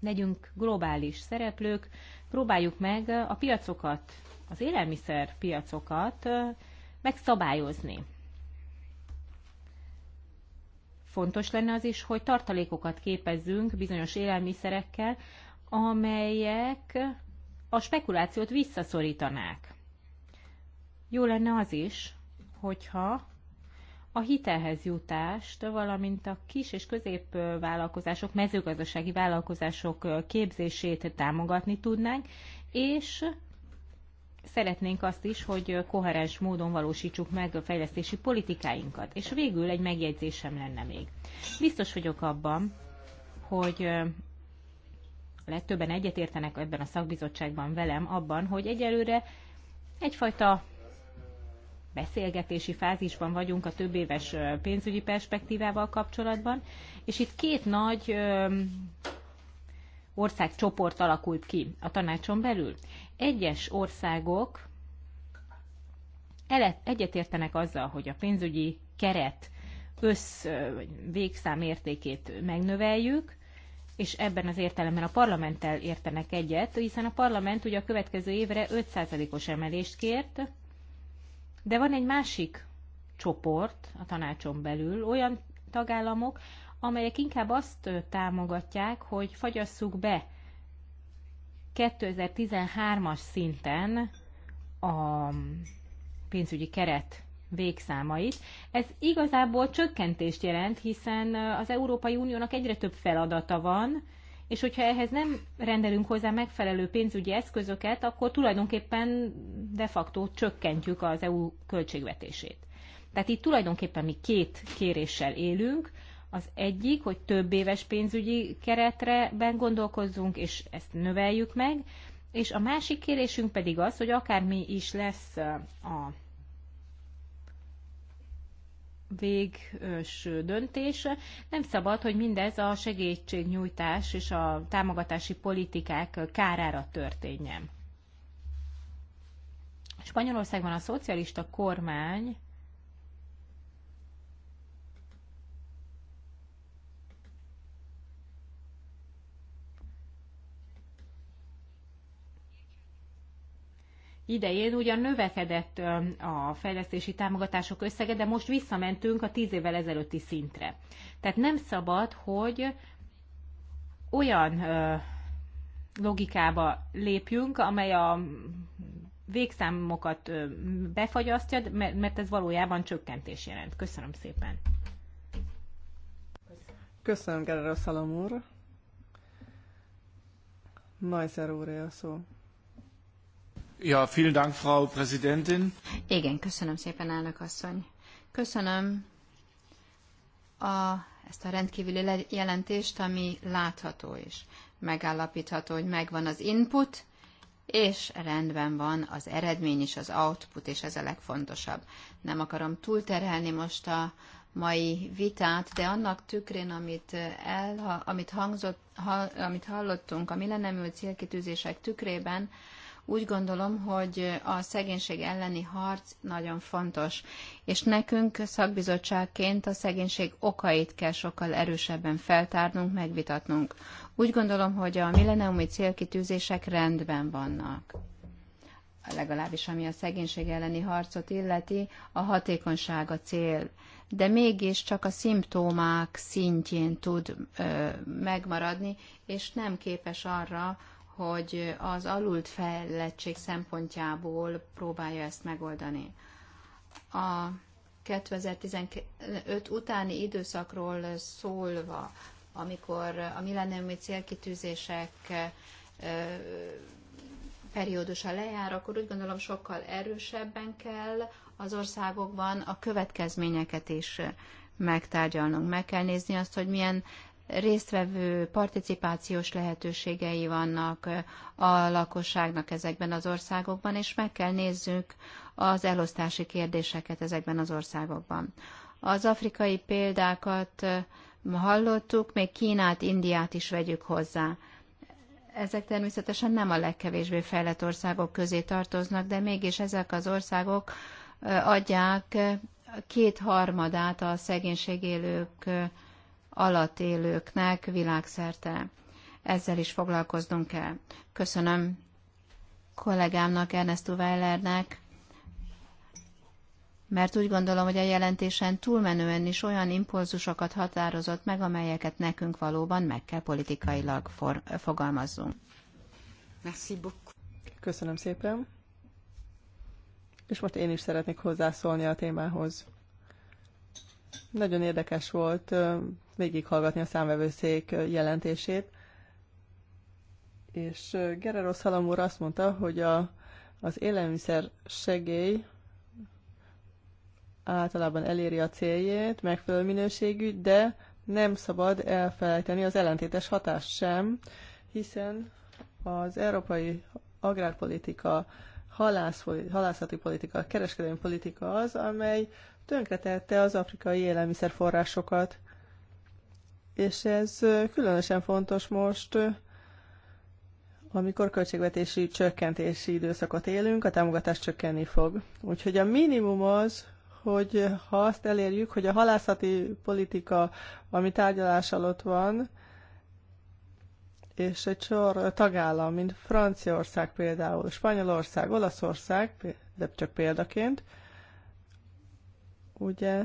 Speaker 3: Legyünk globális szereplők, próbáljuk meg a piacokat, az élelmiszerpiacokat piacokat megszabályozni. Fontos lenne az is, hogy tartalékokat képezzünk bizonyos élelmiszerekkel, amelyek a spekulációt visszaszorítanák. Jó lenne az is, hogyha a hitelhez jutást, valamint a kis és középvállalkozások, mezőgazdasági vállalkozások képzését támogatni tudnánk, és szeretnénk azt is, hogy koherens módon valósítsuk meg a fejlesztési politikáinkat. És végül egy megjegyzésem lenne még. Biztos vagyok abban, hogy a legtöbben egyetértenek ebben a szakbizottságban velem abban, hogy egyelőre egyfajta beszélgetési fázisban vagyunk a több éves pénzügyi perspektívával kapcsolatban, és itt két nagy országcsoport alakult ki a tanácson belül egyes országok egyetértenek azzal, hogy a pénzügyi keret össz vagy végszám értékét megnöveljük, és ebben az értelemben a parlamenttel értenek egyet, hiszen a parlament ugye a következő évre 5%-os emelést kért, de van egy másik csoport a tanácson belül, olyan tagállamok, amelyek inkább azt támogatják, hogy fagyasszuk be 2013-as szinten a pénzügyi keret végszámait. Ez igazából csökkentést jelent, hiszen az Európai Uniónak egyre több feladata van, és hogyha ehhez nem rendelünk hozzá megfelelő pénzügyi eszközöket, akkor tulajdonképpen de facto csökkentjük az EU költségvetését. Tehát itt tulajdonképpen mi két kéréssel élünk, az egyik, hogy több éves pénzügyi keretre gondolkozzunk, és ezt növeljük meg, és a másik kérésünk pedig az, hogy akármi is lesz a végös döntés. Nem szabad, hogy mindez a segítségnyújtás és a támogatási politikák kárára történjen. Spanyolországban a szocialista kormány idején ugyan növekedett a fejlesztési támogatások összege, de most visszamentünk a tíz évvel ezelőtti szintre. Tehát nem szabad, hogy olyan logikába lépjünk, amely a végszámokat befagyasztja, mert ez valójában csökkentés jelent. Köszönöm szépen.
Speaker 2: Köszönöm, Gerard Szalom úr. úr, a szó.
Speaker 1: Ja, vielen Dank, Frau Präsidentin. Igen, köszönöm szépen, elnök asszony. Köszönöm a, ezt a rendkívüli jelentést, ami látható is. Megállapítható, hogy megvan az input, és rendben van az eredmény is, az output, és ez a legfontosabb. Nem akarom túlterhelni most a mai vitát, de annak tükrén, amit, el, amit, hangzott, ha, amit hallottunk, a millennemű célkitűzések tükrében, úgy gondolom, hogy a szegénység elleni harc nagyon fontos, és nekünk szakbizottságként a szegénység okait kell sokkal erősebben feltárnunk, megvitatnunk. Úgy gondolom, hogy a milleniumi célkitűzések rendben vannak legalábbis ami a szegénység elleni harcot illeti, a hatékonyság a cél. De mégis csak a szimptomák szintjén tud ö, megmaradni, és nem képes arra, hogy az alult fejlettség szempontjából próbálja ezt megoldani. A 2015 utáni időszakról szólva, amikor a millenniumi célkitűzések periódusa lejár, akkor úgy gondolom sokkal erősebben kell az országokban a következményeket is megtárgyalnunk. Meg kell nézni azt, hogy milyen résztvevő participációs lehetőségei vannak a lakosságnak ezekben az országokban, és meg kell nézzük az elosztási kérdéseket ezekben az országokban. Az afrikai példákat hallottuk, még Kínát, Indiát is vegyük hozzá. Ezek természetesen nem a legkevésbé fejlett országok közé tartoznak, de mégis ezek az országok adják kétharmadát a szegénység élők alatt élőknek világszerte. Ezzel is foglalkoznunk kell. Köszönöm kollégámnak, Ernesto Weilernek, mert úgy gondolom, hogy a jelentésen túlmenően is olyan impulzusokat határozott meg, amelyeket nekünk valóban meg kell politikailag for- fogalmazzunk.
Speaker 2: Merci beaucoup. Köszönöm szépen. És most én is szeretnék hozzászólni a témához. Nagyon érdekes volt végighallgatni a számvevőszék jelentését, és Gerero Szalam úr azt mondta, hogy a, az élelmiszer segély általában eléri a céljét, megfelelő minőségű, de nem szabad elfelejteni az ellentétes hatást sem, hiszen az európai agrárpolitika, halászpoli, halászati politika, kereskedelmi politika az, amely tönkretette az afrikai élelmiszerforrásokat. És ez különösen fontos most, amikor költségvetési csökkentési időszakot élünk, a támogatás csökkenni fog. Úgyhogy a minimum az, hogy ha azt elérjük, hogy a halászati politika, ami tárgyalás alatt van, és egy sor tagállam, mint Franciaország például, Spanyolország, Olaszország, de csak példaként, ugye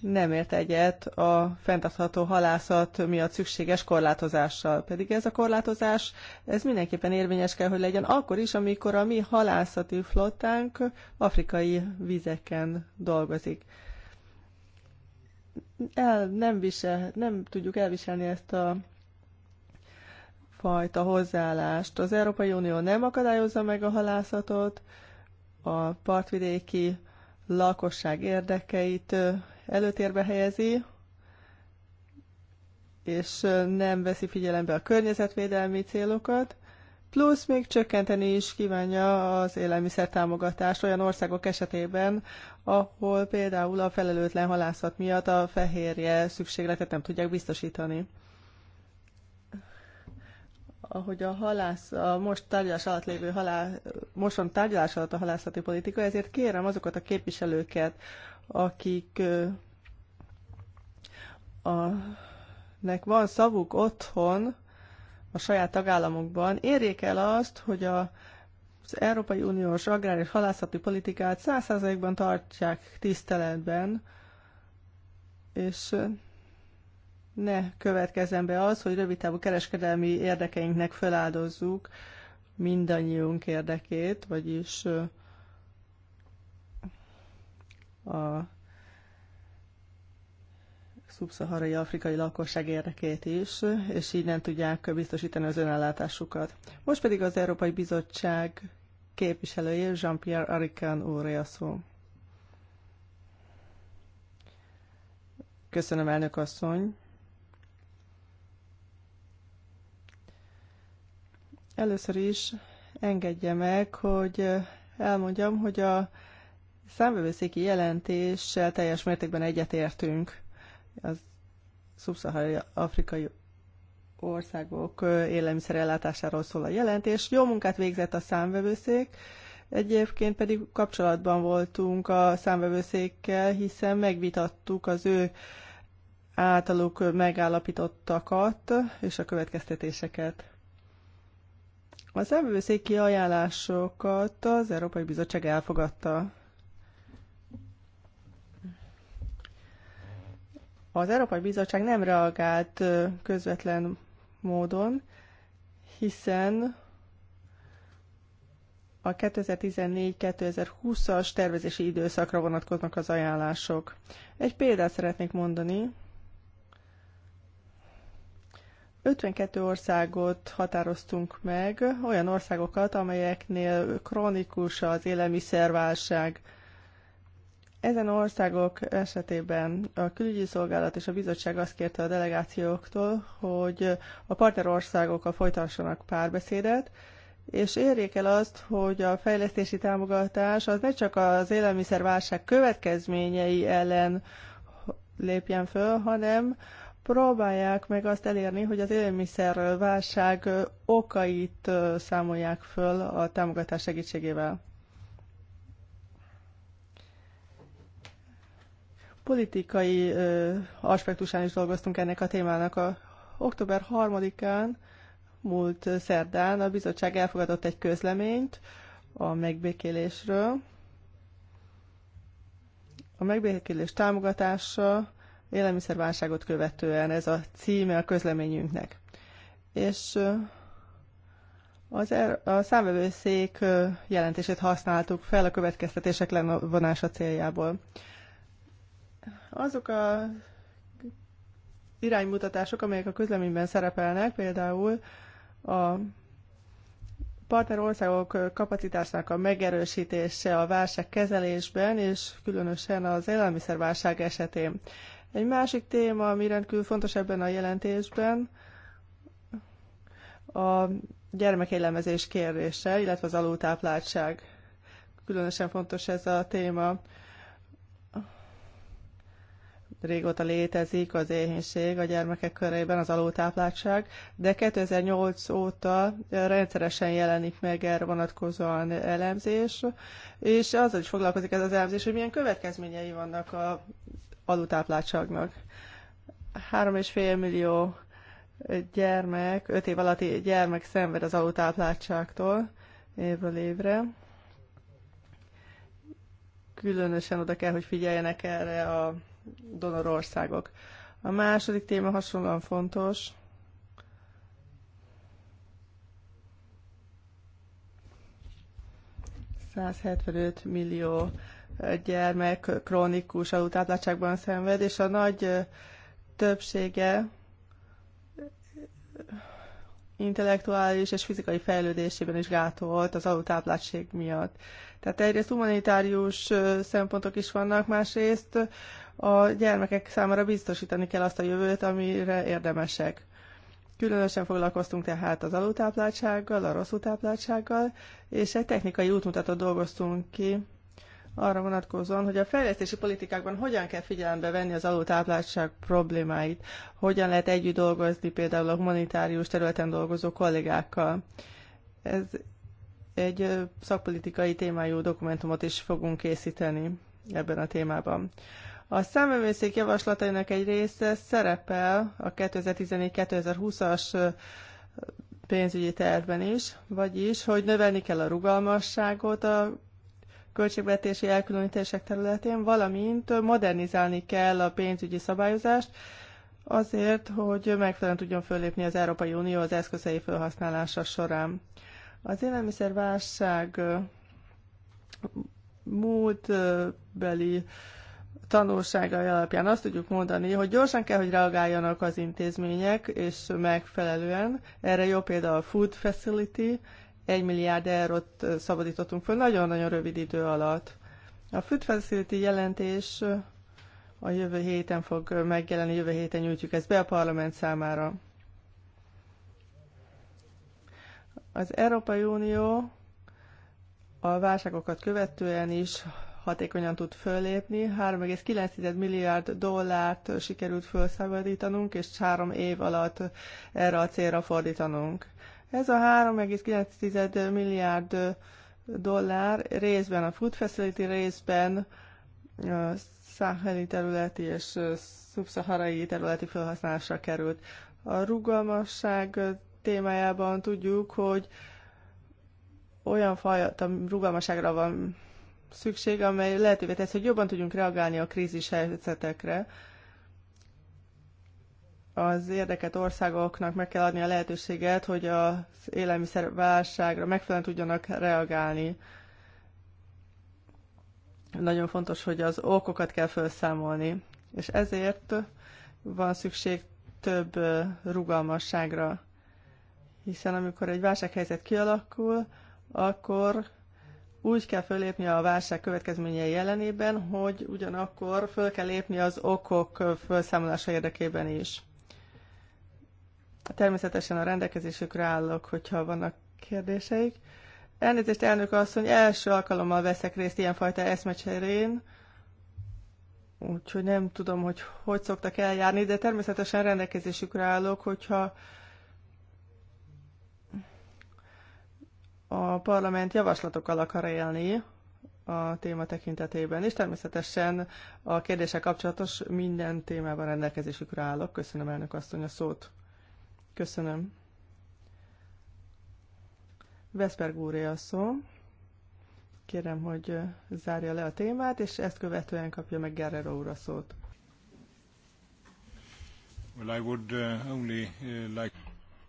Speaker 2: nem ért egyet a fenntartható halászat miatt szükséges korlátozással. Pedig ez a korlátozás, ez mindenképpen érvényes kell, hogy legyen akkor is, amikor a mi halászati flottánk afrikai vizeken dolgozik. El, nem, visel, nem tudjuk elviselni ezt a fajta hozzáállást. Az Európai Unió nem akadályozza meg a halászatot, a partvidéki lakosság érdekeit előtérbe helyezi, és nem veszi figyelembe a környezetvédelmi célokat, plusz még csökkenteni is kívánja az élelmiszer támogatást olyan országok esetében, ahol például a felelőtlen halászat miatt a fehérje szükségletet nem tudják biztosítani ahogy a halász, a most tárgyalás alatt lévő halál, mostan tárgyalás alatt a halászati politika, ezért kérem azokat a képviselőket, akik a, nek van szavuk otthon, a saját tagállamokban, érjék el azt, hogy a, az Európai Uniós agrár és halászati politikát 100%-ban tartják tiszteletben, és ne következzen be az, hogy rövid távú kereskedelmi érdekeinknek feláldozzuk mindannyiunk érdekét, vagyis a szubszaharai afrikai lakosság érdekét is, és így nem tudják biztosítani az önellátásukat. Most pedig az Európai Bizottság képviselője Jean-Pierre Arikán úr a szó. Köszönöm, elnök asszony! Először is engedje meg, hogy elmondjam, hogy a számvevőszéki jelentéssel teljes mértékben egyetértünk. Az szubszaharai afrikai országok élelmiszerellátásáról szól a jelentés. Jó munkát végzett a számvevőszék, egyébként pedig kapcsolatban voltunk a számvevőszékkel, hiszen megvitattuk az ő általuk megállapítottakat és a következtetéseket. A számvevőszéki ajánlásokat az Európai Bizottság elfogadta. Az Európai Bizottság nem reagált közvetlen módon, hiszen a 2014-2020-as tervezési időszakra vonatkoznak az ajánlások. Egy példát szeretnék mondani. 52 országot határoztunk meg, olyan országokat, amelyeknél krónikus az élelmiszerválság. Ezen országok esetében a külügyi szolgálat és a bizottság azt kérte a delegációktól, hogy a partnerországokkal folytassanak párbeszédet, és érjék el azt, hogy a fejlesztési támogatás az ne csak az élelmiszerválság következményei ellen lépjen föl, hanem próbálják meg azt elérni, hogy az élelmiszer válság okait számolják föl a támogatás segítségével. Politikai aspektusán is dolgoztunk ennek a témának. A október 3-án, múlt szerdán a bizottság elfogadott egy közleményt a megbékélésről. A megbékélés támogatása élelmiszerválságot követően, ez a címe a közleményünknek. És az er, a számvevőszék jelentését használtuk fel a következtetések levonása céljából. Azok a iránymutatások, amelyek a közleményben szerepelnek, például a partnerországok kapacitásnak a megerősítése a válság kezelésben, és különösen az élelmiszerválság esetén. Egy másik téma, ami rendkívül fontos ebben a jelentésben, a gyermekélemezés kérdése, illetve az alultápláltság. Különösen fontos ez a téma. Régóta létezik az éhénység a gyermekek körében, az alultápláltság, de 2008 óta rendszeresen jelenik meg erre vonatkozóan elemzés, és azzal is foglalkozik ez az elemzés, hogy milyen következményei vannak a alultápláltságnak. 3,5 millió gyermek, 5 év alatti gyermek szenved az alultápláltságtól évről évre. Különösen oda kell, hogy figyeljenek erre a donorországok. A második téma hasonlóan fontos, ...175 millió gyermek krónikus alultápláltságban szenved, és a nagy többsége intellektuális és fizikai fejlődésében is gátolt az alultápláltság miatt. Tehát egyrészt humanitárius szempontok is vannak, másrészt a gyermekek számára biztosítani kell azt a jövőt, amire érdemesek. Különösen foglalkoztunk tehát az alultápláltsággal, a rosszul és egy technikai útmutatót dolgoztunk ki arra vonatkozóan, hogy a fejlesztési politikákban hogyan kell figyelembe venni az alultápláltság problémáit, hogyan lehet együtt dolgozni például a humanitárius területen dolgozó kollégákkal. Ez egy szakpolitikai témájú dokumentumot is fogunk készíteni ebben a témában. A számövőszék javaslatainak egy része szerepel a 2014-2020-as pénzügyi tervben is, vagyis, hogy növelni kell a rugalmasságot a költségvetési elkülönítések területén, valamint modernizálni kell a pénzügyi szabályozást, azért, hogy megfelelően tudjon fölépni az Európai Unió az eszközei felhasználása során. Az élelmiszerválság múltbeli tanulságai alapján azt tudjuk mondani, hogy gyorsan kell, hogy reagáljanak az intézmények, és megfelelően. Erre jó példa a Food Facility, 1 milliárd eurót szabadítottunk föl nagyon-nagyon rövid idő alatt. A Food Facility jelentés a jövő héten fog megjelenni, jövő héten nyújtjuk ezt be a parlament számára. Az Európai Unió a válságokat követően is hatékonyan tud fölépni. 3,9 milliárd dollárt sikerült felszabadítanunk, és három év alatt erre a célra fordítanunk. Ez a 3,9 milliárd dollár részben a Food Facility, részben száheli területi és szubszaharai területi felhasználásra került. A rugalmasság témájában tudjuk, hogy olyan fajta rugalmasságra van szükség, amely lehetővé tesz, hogy jobban tudjunk reagálni a krízis helyzetekre, az érdeket országoknak meg kell adni a lehetőséget, hogy az élelmiszerválságra megfelelően tudjanak reagálni. Nagyon fontos, hogy az okokat kell felszámolni, és ezért van szükség több rugalmasságra, hiszen amikor egy válsághelyzet kialakul, akkor úgy kell fölépni a válság következményei jelenében, hogy ugyanakkor föl kell lépni az okok felszámolása érdekében is. Természetesen a rendelkezésükre állok, hogyha vannak kérdéseik. Elnézést, elnök asszony, első alkalommal veszek részt ilyenfajta eszmecserén, úgyhogy nem tudom, hogy hogy szoktak eljárni, de természetesen rendelkezésükre állok, hogyha a parlament javaslatokkal akar élni a téma tekintetében, és természetesen a kérdések kapcsolatos minden témában rendelkezésükre állok. Köszönöm elnök asszony a szót. Köszönöm. Veszper úré a szó. Kérem, hogy zárja le a témát, és ezt követően kapja meg Guerrero úr a szót. Well, I would, only, like...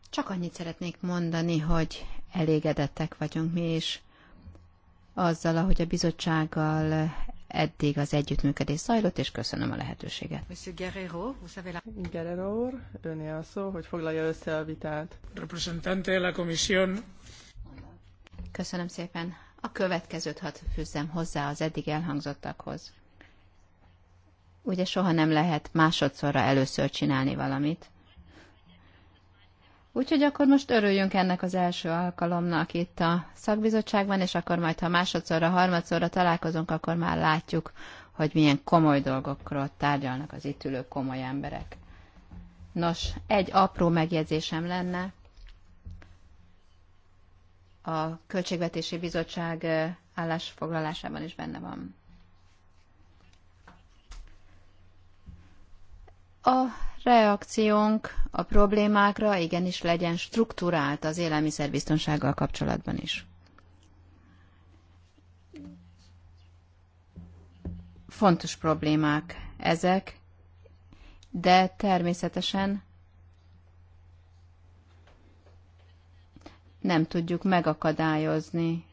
Speaker 1: Csak annyit szeretnék mondani, hogy elégedettek vagyunk mi is azzal, ahogy a bizottsággal eddig az együttműködés zajlott, és köszönöm a lehetőséget.
Speaker 2: Monsieur Guerrero, vous avez la... Guerrero öné a szó, hogy foglalja össze a vitát. Representante de la Comisión.
Speaker 1: Köszönöm szépen. A következőt hadd fűzzem hozzá az eddig elhangzottakhoz. Ugye soha nem lehet másodszorra először csinálni valamit, Úgyhogy akkor most örüljünk ennek az első alkalomnak itt a szakbizottságban, és akkor majd, ha másodszorra, harmadszorra találkozunk, akkor már látjuk, hogy milyen komoly dolgokról tárgyalnak az itt ülő komoly emberek. Nos, egy apró megjegyzésem lenne. A Költségvetési Bizottság eh, állásfoglalásában is benne van. A reakciónk a problémákra igenis legyen struktúrált az élelmiszerbiztonsággal kapcsolatban is. Fontos problémák ezek, de természetesen nem tudjuk megakadályozni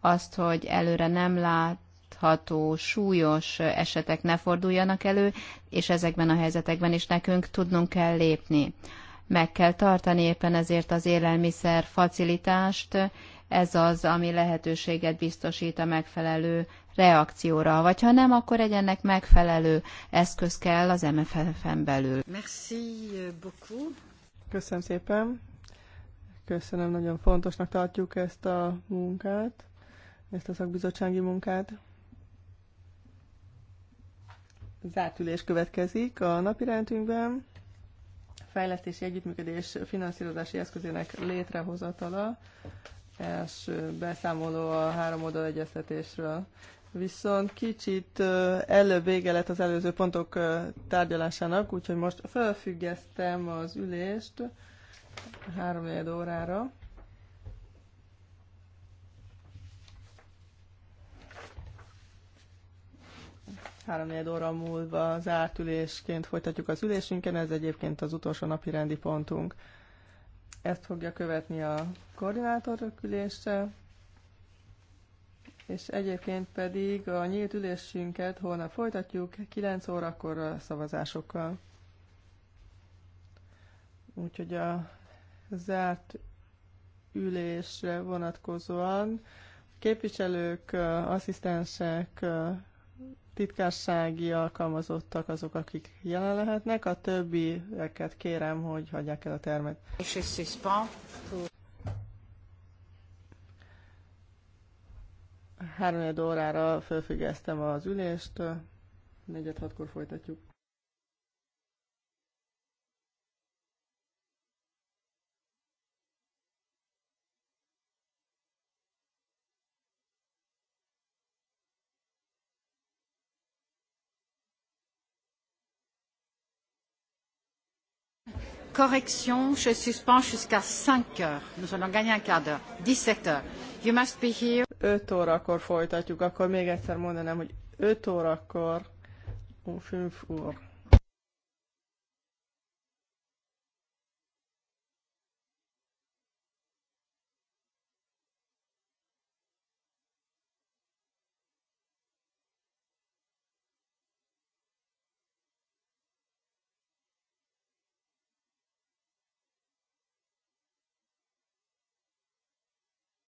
Speaker 1: azt, hogy előre nem lát, fenntartható, súlyos esetek ne forduljanak elő, és ezekben a helyzetekben is nekünk tudnunk kell lépni. Meg kell tartani éppen ezért az élelmiszer facilitást, ez az, ami lehetőséget biztosít a megfelelő reakcióra, vagy ha nem, akkor egy ennek megfelelő eszköz kell az MFF-en
Speaker 2: belül. Merci euh, beaucoup. Köszönöm szépen. Köszönöm, nagyon fontosnak tartjuk ezt a munkát, ezt a szakbizottsági munkát zárt ülés következik a rendünkben. Fejlesztési együttműködés finanszírozási eszközének létrehozatala. Első beszámoló a három oldal egyeztetésről. Viszont kicsit előbb vége lett az előző pontok tárgyalásának, úgyhogy most felfüggesztem az ülést három órára. 3-4 óra múlva zárt ülésként folytatjuk az ülésünket. ez egyébként az utolsó napi rendi pontunk. Ezt fogja követni a koordinátor ülése, és egyébként pedig a nyílt ülésünket holnap folytatjuk 9 órakor a szavazásokkal. Úgyhogy a zárt ülésre vonatkozóan képviselők, asszisztensek, titkársági alkalmazottak azok, akik jelen lehetnek, a többieket kérem, hogy hagyják el a termet. Három órára felfüggesztem az ülést, negyed-hatkor folytatjuk.
Speaker 1: correction, je suspends jusqu'à 5 heures. Nous
Speaker 2: allons gagner un quart d'heure. 17 heures. You must be here. 5 órakor folytatjuk, akkor még egyszer mondanám, hogy 5 órakor, 5 úr.